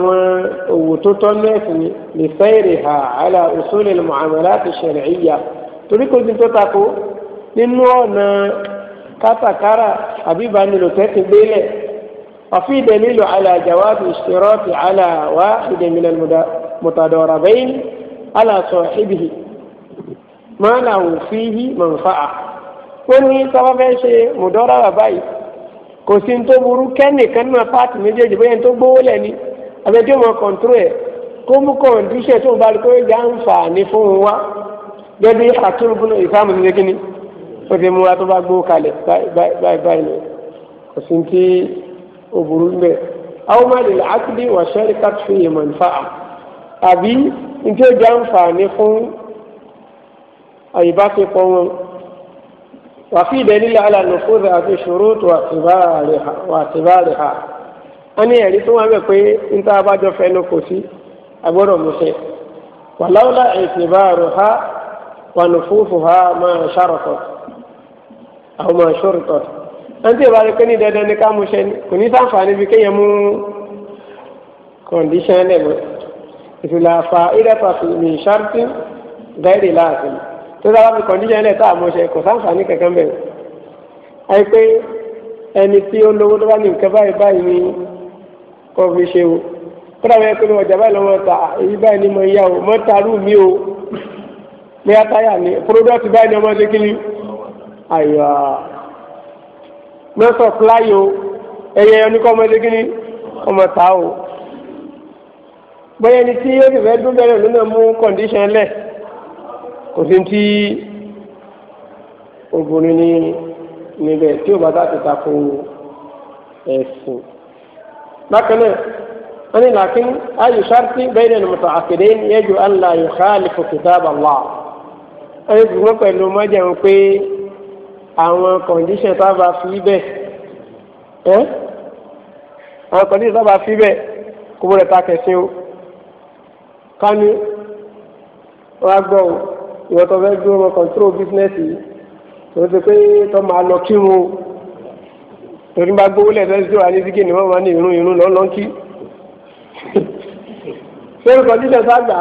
òwò tó tọ́ lẹ́sìn lè fẹ́ẹ̀rẹ̀ ha àlà òṣòlè mọ̀àmọ́lá ti ṣẹlẹ̀ ìyá torí kò sí tó takò nínú ọ̀nà kátàkárà àbí ìbánilò tẹ́sí gbélẹ̀ وفي دليل على جواب الاشتراط على واحد من المتضاربين على صاحبه ما له فيه منفعة wọ́n ní sábà fẹ́ ṣe mùdọ́rọ̀rà báyìí kò sí ní tó burú kẹ́nìkan nínú apáàtì méjèèjì bóyá ní tó gbówó lẹ̀ ní abẹ́jọ́ mọ̀ kọ̀ǹtúrò ẹ̀ kó mú kọ̀ǹdíṣẹ̀ tó ń bá rí kó yẹ àǹfààní fún un wá gẹ́gẹ́ bí àtúrúbùnú ìsáàmù ti ṣe kí ni ó mú wa tó bá gbówó kalẹ̀ báyìí báyìí kò sí ní tí òbúrú ń bẹ awomali akidi wa sharika fi manfa'a àbí njẹ o jẹ àǹfààní fún àyíbáṣepọ̀ wọn wàfi ìdẹ́nilẹ̀ alànàfóòdà àti ìṣòro tó àtìbáàlì ha a ní ẹ̀rí tó wà mẹ́ pé níta abájọ fẹnu kò sí agbọ́dọ̀ mọ̀ṣẹ́ wàláwùlà ìtìbáàrò ha wà nùfóòfò ha máa ṣàròkọ̀ àwọn máa ṣòrìkọ̀tọ̀ àǹtí ìbá rẹ pé ní dandan ni ká mú ṣe ni kò ní sáǹfààní bí kéèyàn mú kọ̀ǹdíṣán lẹ̀ mọ́ ìfìlà fa ìrẹ́pàtì mi ṣáàtì gáìrì láàfin tó dára fi kọ̀ǹdíṣán lẹ̀ tá a mọ̀ ṣe kò sáǹfààní kankan bẹ̀rẹ̀ àyè pé ẹni tí ó lówó tó bá ní nǹkan báyìí báyìí ni kò fi ṣe o kódà bẹ́ẹ̀ pé ọjà báyìí lọ́mọ ta èyí báyìí ni mo o mọ́ tarú mi o bóyá táyà ni pọ́dọ́tì báyìí ni ọmọ ṣe mẹ́sọ̀ fúláyì o ẹ̀yẹ oníkọ́ ọmọ ẹ̀dẹ́gí ni ọmọ ta o. bóyá ẹni tí yóò fẹ́ dún bẹ́rẹ̀ lónà mú kọ̀ǹdíṣàn lẹ̀ kò sí ti obìnrin ní níbẹ̀ tí ò bá dá ti takò ẹ̀sìn. bákan náà wọ́n ní làákín ayò sárti ni mọ̀tò àkèdè yẹ́jú àlàyé xaalifù kìtàbà wà. ẹni tí pẹ̀lú mọ́jà ń pé àwọn kọ̀ǹdíṣẹ̀ tá a bá fi bẹ̀ ẹ́ àwọn kọ̀ǹdíṣẹ̀ tá a bá fi bẹ̀ kó bọ́lẹ̀ ta kẹsí o ká ní wọ́n á gbọ́ o ìwọ́n tó fẹ́ gbé wọn control business yìí tó ti pé tó máa lọ kírun o torí bá gbówó lẹ̀ fẹ́ẹ́ sọ̀rọ̀ àní síkì ni wọ́n máa ní irun irun lọ́n lọ́n kí ṣé kọ̀ǹdíṣẹ̀ tá a gbà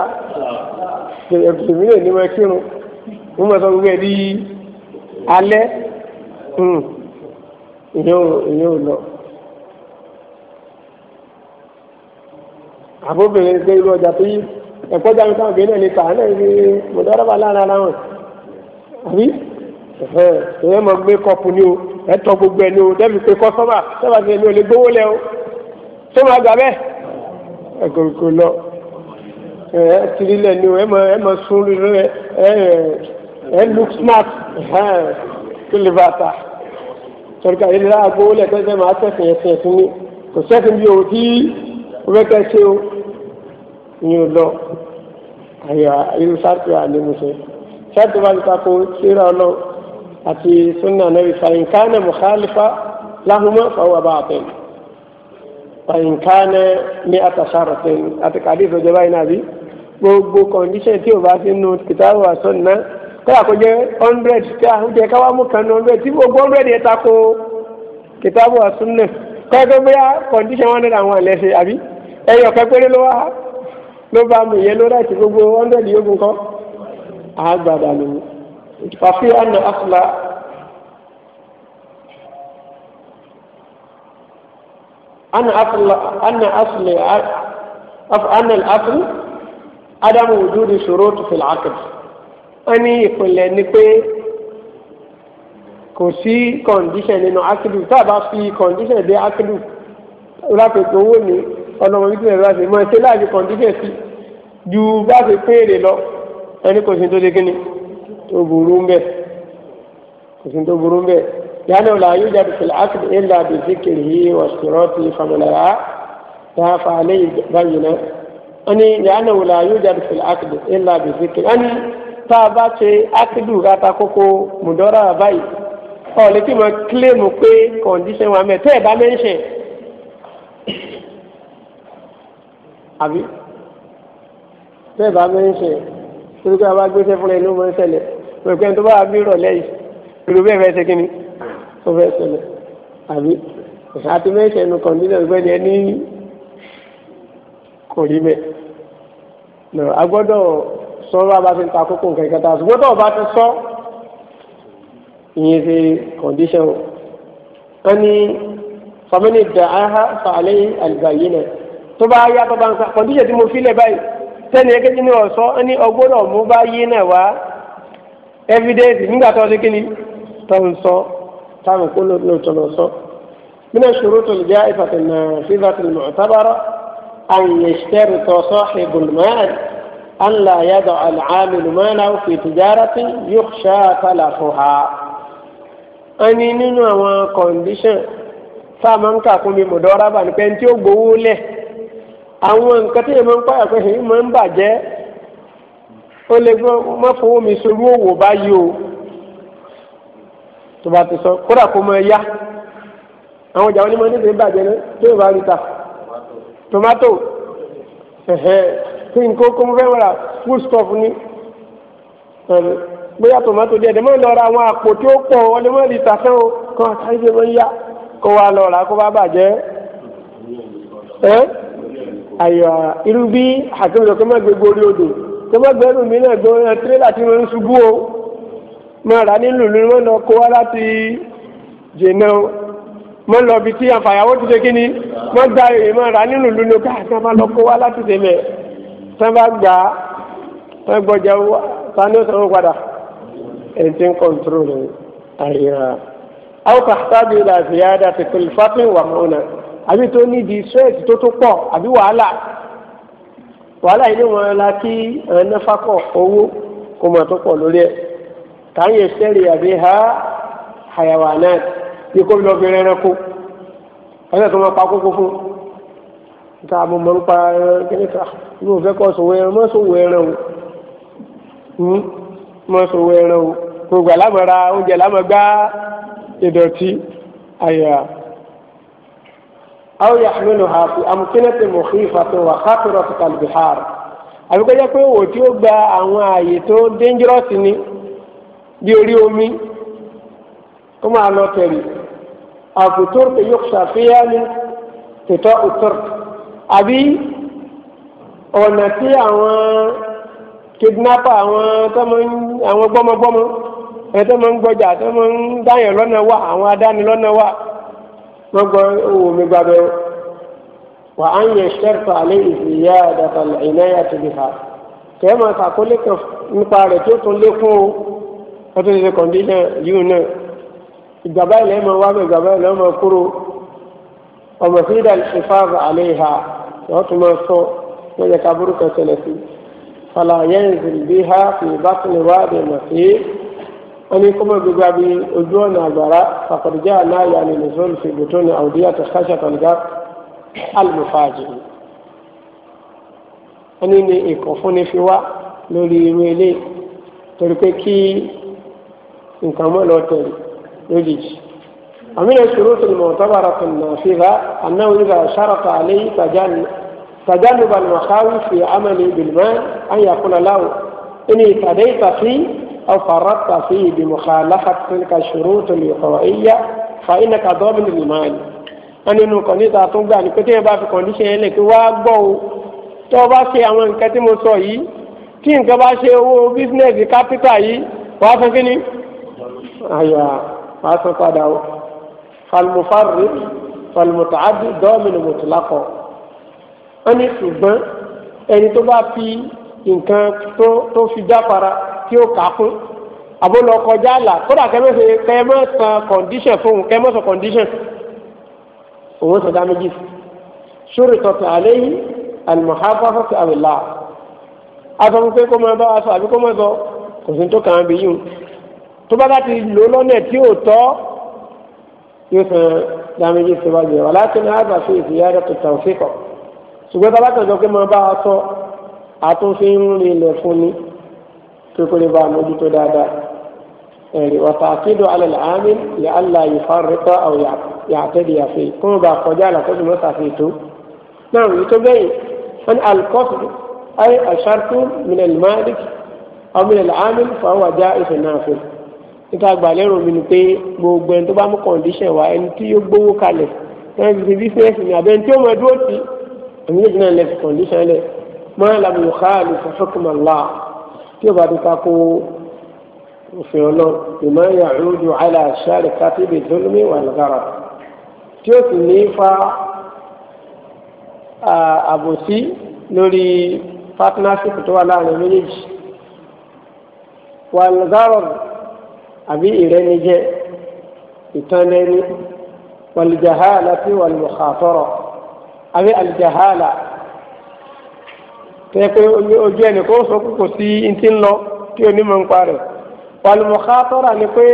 ẹ̀kùnrin mi lè ní wọn kírun wọ́n máa sọ gbogbo ẹ̀ di alẹ́. Hmm. ìyẹn ò lọ. àbóbìnrin pé irú ọjà tó yí ẹ̀kọ́ jáde táwọn obìnrin náà lè kà á náà ní mọ̀dọ́rọ́bà lára ara wọn àbí ẹ̀yẹ́ mọ̀ gbé kọ́pù ni o ẹ̀tọ́ gbogbo ẹni o dẹ́bi pé kọ́ sọ́mà sọ́mà sí ẹni o lè gbówó lẹ o tó máa gbà bẹ́ẹ̀ ẹ̀kọ́kọ́ lọ ẹ̀ tìrìlẹ̀ ni o ẹ̀ mọ̀ ẹ̀ mọ̀ sún lórí ẹ̀ ẹ̀ look smart kí lè bàtà sọ̀rọ̀ ká ìlera agbowó lẹ́ẹ̀kan fẹ́ máa tẹ̀sìn ẹ̀sìn ẹ̀sìn ní kò sẹ́sìn bí òun tí ó fẹ́ kẹ́ ṣe o ìyẹn ò lọ àyà irú sáàtì àlèmùsẹ̀ sáàtì bá ti takò síra ọlọ́ àti sunna nabi fàyínkáná mukhalifa láhùmọ́ fàwọn bá àtẹ̀ fàyínkáná ní àtàṣàrọ̀tẹ̀ àti kàdé ìfọ̀jọba yìí nàbí gbogbo kọ̀ǹdíṣẹ̀ tí ò bá sínú kìtàbù àsọ̀nà kódà kó jẹ́ hundred tí a ń jẹ káwá mú kan hundred tí gbogbo hundred yẹn tako kìtàbù àsúnnà kọ́ bóyá condition hundred àwọn àlẹ́sẹ̀ àbí ẹyọ kan ló wá ló bá mi yẹn ló láti gbogbo hundred yóò kọ́ àgbàdà ló fàfi àná àfúlà. أن أصل أن أصل أن الأصل عدم وجود شروط في wọ́n ní ìpìlẹ̀ ni pé kò sí kọ̀ǹdíṣẹ̀ nínú akidu tá a bá fi kọ̀ǹdíṣẹ̀ dé akidu lápẹ̀tẹ̀ owó ní ọlọ́mọ bíbí ẹ̀rọ láti mọ ẹsẹ̀ láti kọ̀ǹdíṣẹ̀ sí ju bá fi pín èrè lọ ẹni kò sí tó dé kíni tó burú ń bẹ̀ kò sí tó burú ń bẹ̀ yánà ọ̀la yóò jáde fìlà akidu illa àbẹ̀síkiri yìí wà sọ̀rọ̀ ti fàmìlàrà dáfà lẹ́yìn báyìí náà wọ́n ní yánà ọ̀la yóò jáde fìlà akidu illa àbẹ̀síkiri wọ́n ní tá a bá ṣe ákídù katakoko mùdọ́rà báyìí ọ̀ létí mo kílèmù pé kọ̀ǹdíṣẹ̀ wà mẹ́ tẹ́ ẹ̀ bá mẹ́ńṣẹ̀ àbí tẹ́ ẹ̀ bá mẹ́ńṣẹ̀ torí pé a bá gbéṣẹ́ fúnra ẹni ó máa ń ṣẹlẹ̀ pẹ̀lú tó bá wà bí ìrọ̀lẹ́ yìí ìlú bẹ́ẹ̀ fẹ́ ṣe kí ni ó fẹ́ ṣẹlẹ̀ àbí àti mẹ́ṣẹ̀ ẹnu kọ̀ǹdíṣẹ̀ ọ̀gbẹ́ni ẹni kò rí bẹ́ẹ̀ sọ́rọ́ bá ti ń ta kókó nǹkan ìkẹta ṣùgbọ́n tó o bá ti sọ ìyẹn ṣe condition wọn ni famini da aha fa alẹ́ àlùbáyé náà tó bá yá tó bá ń sa condition tí mo fi lẹ̀ báyìí sẹ́ni ẹgbẹ́ tí ní ọ̀sọ́ ẹni ọgbọ́n náà mú bá yé náà wá evidence nígbà tó ṣe kíni tó ń sọ táwọn kó lóòótọ́ lọ sọ. من الشروط الجائفة النافذة المعتبرة أن يشترط صاحب المال أن لا يدع العامل ماله في تجارة يخشى تلفها أني نينو أوان كونديشن sáàmà ń kàkún mi mọ̀dọ́ra bá ní pé tí ó gbowó lẹ̀ àwọn nǹkan tí èèmọ̀ ń pààyà pé èyí máa ń bàjẹ́ ó lè gbọ́ má fowó mi sorú òwò báyìí o tó bá ti sọ kódà kó máa yá àwọn ìjà wọn ni mo ní tèmi bàjẹ́ náà tó ìbá rí ta tomato pé nǹkan kó mo fẹ́ wọ̀ra food stuff ni bóyá tòmátò díẹ̀ dẹ́mọ̀ lọ ra àwọn àpò tí ó pọ̀ wọ́n lè mọ̀ lè o kan àtàlẹ́ mọ̀ yá kó wa lọ rà kó bá bàjẹ́ ẹ́ àyà irú bí àtúntò kó má gbé gorí odò kó má gbẹ́rù mi náà gbé ọ̀nà tírélà tí wọ́n ń ṣubú o máa rà ní lùlù wọn lọ kó wá láti jẹ̀nà o mọ lọ bí tí àfàyàwó ti ṣe kí ni mọ gba èrè máa rà ní lùlù lókè àti àbálọ kó wá láti tẹ̀lẹ̀ tán bá gbà á tán gbọ́jà wá tán ní ó sanwó padà èyí tí ń kọ́ńtúrò rẹ̀ àríra. àwọn kàtàbí ìlà àfihàn àti kìlìfàtì wà mọ́nà àbí tó nídìí stress tó tó pọ̀ àbí wàhálà wàhálà yìí ni wọ́n la kí ẹnẹ́fàkọ̀ owó kó mọ̀ tó pọ̀ lórí ẹ̀ tàyè sẹ́rì àbí ha àyàwó àná yìí kó lọ́ọ́ fi rẹ́rẹ́ kó ọ̀sẹ̀ tó máa pa kókó fún un níta mo mọ̀ ń pa ẹran kíní ká mi ò fẹ́ kọ́ sòwò ẹran mọ́ sòwò ẹran o mọ́ sòwò ẹran o gbogbo àlámọ̀ra oúnjẹ lámọ̀gbá ìdọ̀tí àyà. aw yahmiluha fi amkinatin mukhifatin wa khatirati kal-bihar àbíkọ́ jẹ́ pé òwò tí ó gba àwọn ààyè tó dangerous ni bí orí omi kó máa lọ tẹ̀lé àbùtúrkì yóò ṣàfihàn ní tètò òtúrkì. àbí ọ̀nà tí àwọn kidnapper àwọn àwọn gbọ́mọgbọ́mọ ẹ̀ tó ń gbọ́jà tó máa ń dáyàn lọ́nà wà àwọn adáni lọ́nà wà wọ́n gbọ́ owó mi gbàgbẹ́ wà á ń yẹ ṣẹ́ẹ̀tọ̀ alẹ́ ìfìyà àdàtàlẹ̀ ìnáyà tó lè fà kẹ́ máa sàkólé kan nípa rẹ̀ tó tún lékún o wọ́n ti ṣe kọ̀ǹdíṣàn yìí náà ìgbàbáyìí lẹ́ẹ̀mọ wá bẹ̀ ìgbàbáyìí kúrò ọmọ fídà wọ́n tún máa sọ wọ́n yẹ ká burúkú ẹsẹ̀lẹ̀ sí fàlà yẹ́nzìn bí ha fi bátìlì wá dé mà sí wọ́n ní kọ́mọ̀ gbogbo àbí ojú ọ̀nà àgbàrá fàkọ̀dìjà náà yà ní nìzọ́lù fi gbòtó ní àwùjọ àti ṣáṣà kọ̀ǹgá alùfáàjì wọ́n ní ní ìkọ̀fúnni fi wá lórí irú eléyìí torí pé kí nǹkan mọ́ lọ tẹ̀lé lójijì. ومن الشروط المعتبرة النافذة أنه إذا شرط عليه تجنب المخاوف في عمله بالمال أن يقول له إني ابتديت فيه أو فرطت فيه بمخالفة تلك الشروط الوقائية فإنك ضامن المال wọ́n nínú kọ̀ǹdíṣà tó ń gbà ní pété yẹn bá fi kọ̀ǹdíṣà yẹn lè pé wá gbọ́ o tó o bá ṣe àwọn nǹkan tí mo sọ yìí tí nǹkan bá ṣe owó bísínẹ́sì kápítà yìí wàá fẹ́ kí ni àyà wàá san padà o falmufarri falmutaadi dọ́ọ̀mìnì mùtìlákọ̀ wọ́n ní ṣùgbọ́n ẹni tó bá fi nǹkan tó fi jáfara tí ó kà á fún àbólọ kọjá àlà kódà kẹmẹsẹ kẹmẹsàn kọndíṣàn fóun kẹmẹsàn kọndíṣàn òun sọdá méjì sórí tọ̀tà àlẹ́ yìí alimuhafafa ti àwìlá asọ́mu pé kó máa bá wa sọ àbí kó máa sọ kò sí tó kàn án bí yìí tó bá bá ti lò lọ́nà tí ò tọ́ يفهم دامجي سواجه ولكن هذا في زيادة التوفيق ṣùgbọ́n tá a bá tẹ̀jọ́ pé máa bá a sọ àtúnfi ń rin ilẹ̀ fún ni pé kó lè bá a mójútó dáadáa ẹ̀rì wọ́tà àkídò alẹ́ làámi lè àlà ìfarẹ́tọ́ àwọn yàtẹ̀lẹ̀ yàfẹ́ kó ń bá a kọjá àlàkóso mọ́ sàfihàn tó náà èyí tó bẹ́yìn wọ́n ní alikọ́sì ayé àṣàtú minel malik ọmọ minel amil fọwọ́ já ìfẹ̀ náà fún un nípa àgbàlérò mi ni pé gbogbo ẹni tó bá mú kọ̀ǹdíṣẹ̀ wá ẹni tí yóò gbowó kalẹ̀ náà ti fi bísíǹsì ní abẹ́ni tí ó mọ dúró tì èmi yóò dínà lẹ́fì kọ̀ǹdíṣẹ̀ lẹ̀ máa ń lamu yòókà lè fọ́ fọ́kùnmọ̀ lá tí ó bá ti takò òfin ọlọ́run ìmọ̀ ẹ̀yà ìrújú àlà àṣàrẹ̀ kátìbì lólómi wà lágara tí ó sì ní fa àbòsí lórí partnership tó wà láàrin méjèèjì wà lágara àbí ìrẹ́nijẹ ìtọ́lẹ́ni wàlùjàhálà tí wàlùmùkàtọ́rọ̀ àbí àlùjàhálà tẹ́ pé ojú ẹni kó sọ kókò sí ti ń lọ tí onímọ̀ ń parẹ̀ wàlùmùkàtọ́rọ̀ ni pé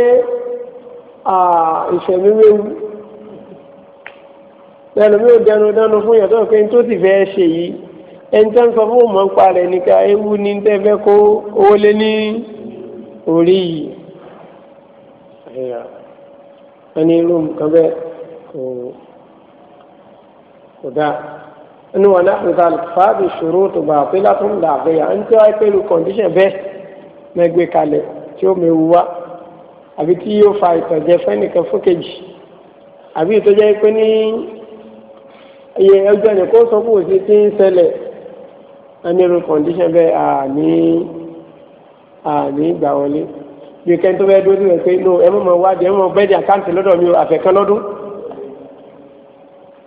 ìṣẹ̀mí wéwu lẹ́nu mi ò dẹnu dánú fún yàtọ̀ pé n tó sì fẹ́ ṣe yìí ẹni tẹ́ ń sọ fún òmọ̀ ń parẹ̀ nìkan ewu ní tẹ́ fẹ́ kó owó lé ní orí yìí èèyàn wọn ní irú nǹkan bẹ́ẹ̀ kò kò dáa inú wọn náà nǹkan fàábì ṣòro tó bá pé látún là àgbéyà ń tẹ́ wáyé pẹ̀lú kọ̀ǹdíṣàn bẹ́ẹ̀ mẹ́gbẹ́ kalẹ̀ tí ó mewu wá àbí tí yóò fa ìtànjẹ fẹ́nìkan fún kejì àbí ìtọ́jẹ́ pé ní iye ẹgbẹ́ ni sọ fún òsì tí ń ṣẹlẹ̀ ẹni irú kọ̀ǹdíṣàn bẹ́ẹ̀ àní àní gbà wọlé bí kẹ́ni tó fẹ́ dúró sí rẹ̀ pé no ẹ mọ̀ mọ̀ wádìí ẹ mọ̀ bẹ́ẹ̀dì àkáǹtì lọ́dọ̀ mi àfẹ̀kan lọ́dún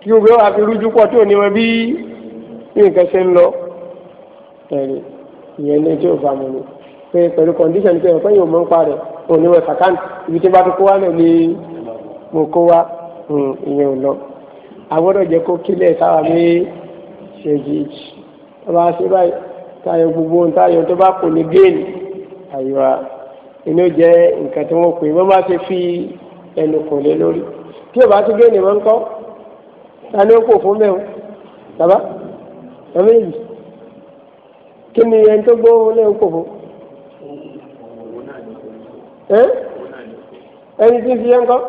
kí o bẹ́ wàá fi rújú pọ̀ tí ò ní wọn bí nǹkan ṣe ń lọ ẹ̀rì ìyẹn ní tí ò bá mu ni pé pẹ̀lú kọ́ndíṣàn pé ọ̀pẹ́ yóò mọ̀ ń pa rẹ̀ ò ní wọn àkáǹtì ibi tí bá tó kó wá náà ni mo kó wá hmm, ìyẹn ò lọ àgbọ́dọ̀ jẹ́ kó kílẹ̀ inú jẹ́ nǹkan tí wọ́n pè é wọ́n bá ti fi ẹnu kùn lé lórí tí yóò bá tún géènì wọn kọ́ ta ni ó kò fún mẹ́wọ́n bàbá bàbá èyí kí ni ẹni tó gbó wọn lẹ́yìn kò fún. ẹni tí ń fi yẹn kọ́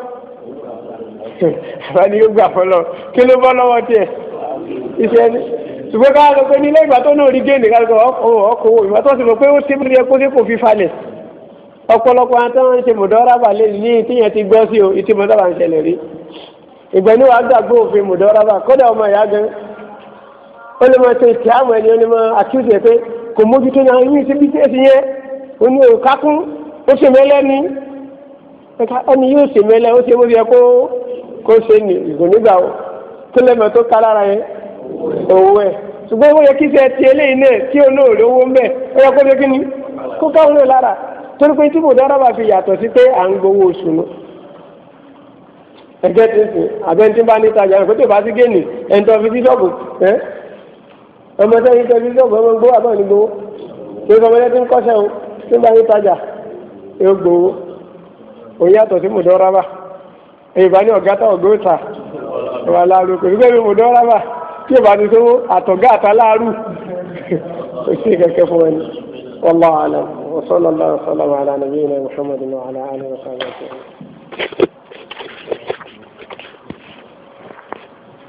àbáni yóò gbà fọlọ kí ló bọ́ lọ́wọ́ tiẹ̀ iṣẹ́ ni ṣùgbọ́n ká lọ pé ní ilé ìgbà tó náà rí géènì ká lọ pé ọkọ̀ òwò ìgbà tó sì mọ̀ pé ó ti rí ẹ kó sí kò fi falẹ̀ ọ̀pọ̀lọpọ̀ àwọn tó ń ṣe mùdọ́rábà lè ní ìtìyẹn ti gbọ́ sí o ìtì mùdọ́rábà ń ṣẹlẹ̀ rí ìgbẹ́ni wàá gbàgbọ́ òfin mùdọ́rábà kódà ọmọ ìyá gan ó lè máa ṣe ìtì àmọ́ ẹni ó lè máa àkíyèsí pé kò mójútó ní àwọn yìí ṣe bí ṣe ó ní òkákún ó ṣe mẹ́lẹ́ ni ẹni yóò ṣe mẹ́lẹ́ ó ṣe bó yẹ kó kó ṣe ní ìgò nígbà o tó lẹ́mọ̀ tó ká lára yẹn òwò ẹ̀ ṣùgbọ́n ó yẹ kí ṣe ti eléyìí náà kí olóòrè owó ń bẹ̀ ó yẹ kó ṣe kí ni kó káwọn náà lára. torí pé tí mùdáràbà fi yàtọ̀ sí pé à ń gbowó oṣù nù tí ń sìn abẹ́ntí bá níta kó tó bá sí géènì ẹni tó fi sí ṣọ́ọ̀bù ẹ́ ọmọ sẹ́yìn tó fi sí ṣọ́ọ̀bù ọmọ gbowó àbọ̀ ní gbowó kí ọmọ yẹn ti ń kọ́ṣẹ́ o tí ń bá níta jà yóò gbowó yàtọ̀ sí bá والله أعلم وصلى الله وسلم على نبينا محمد وعلى آله وصحبه أجمعين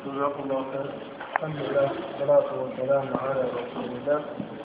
جزاكم الله خير الحمد لله والصلاة والسلام على رسول الله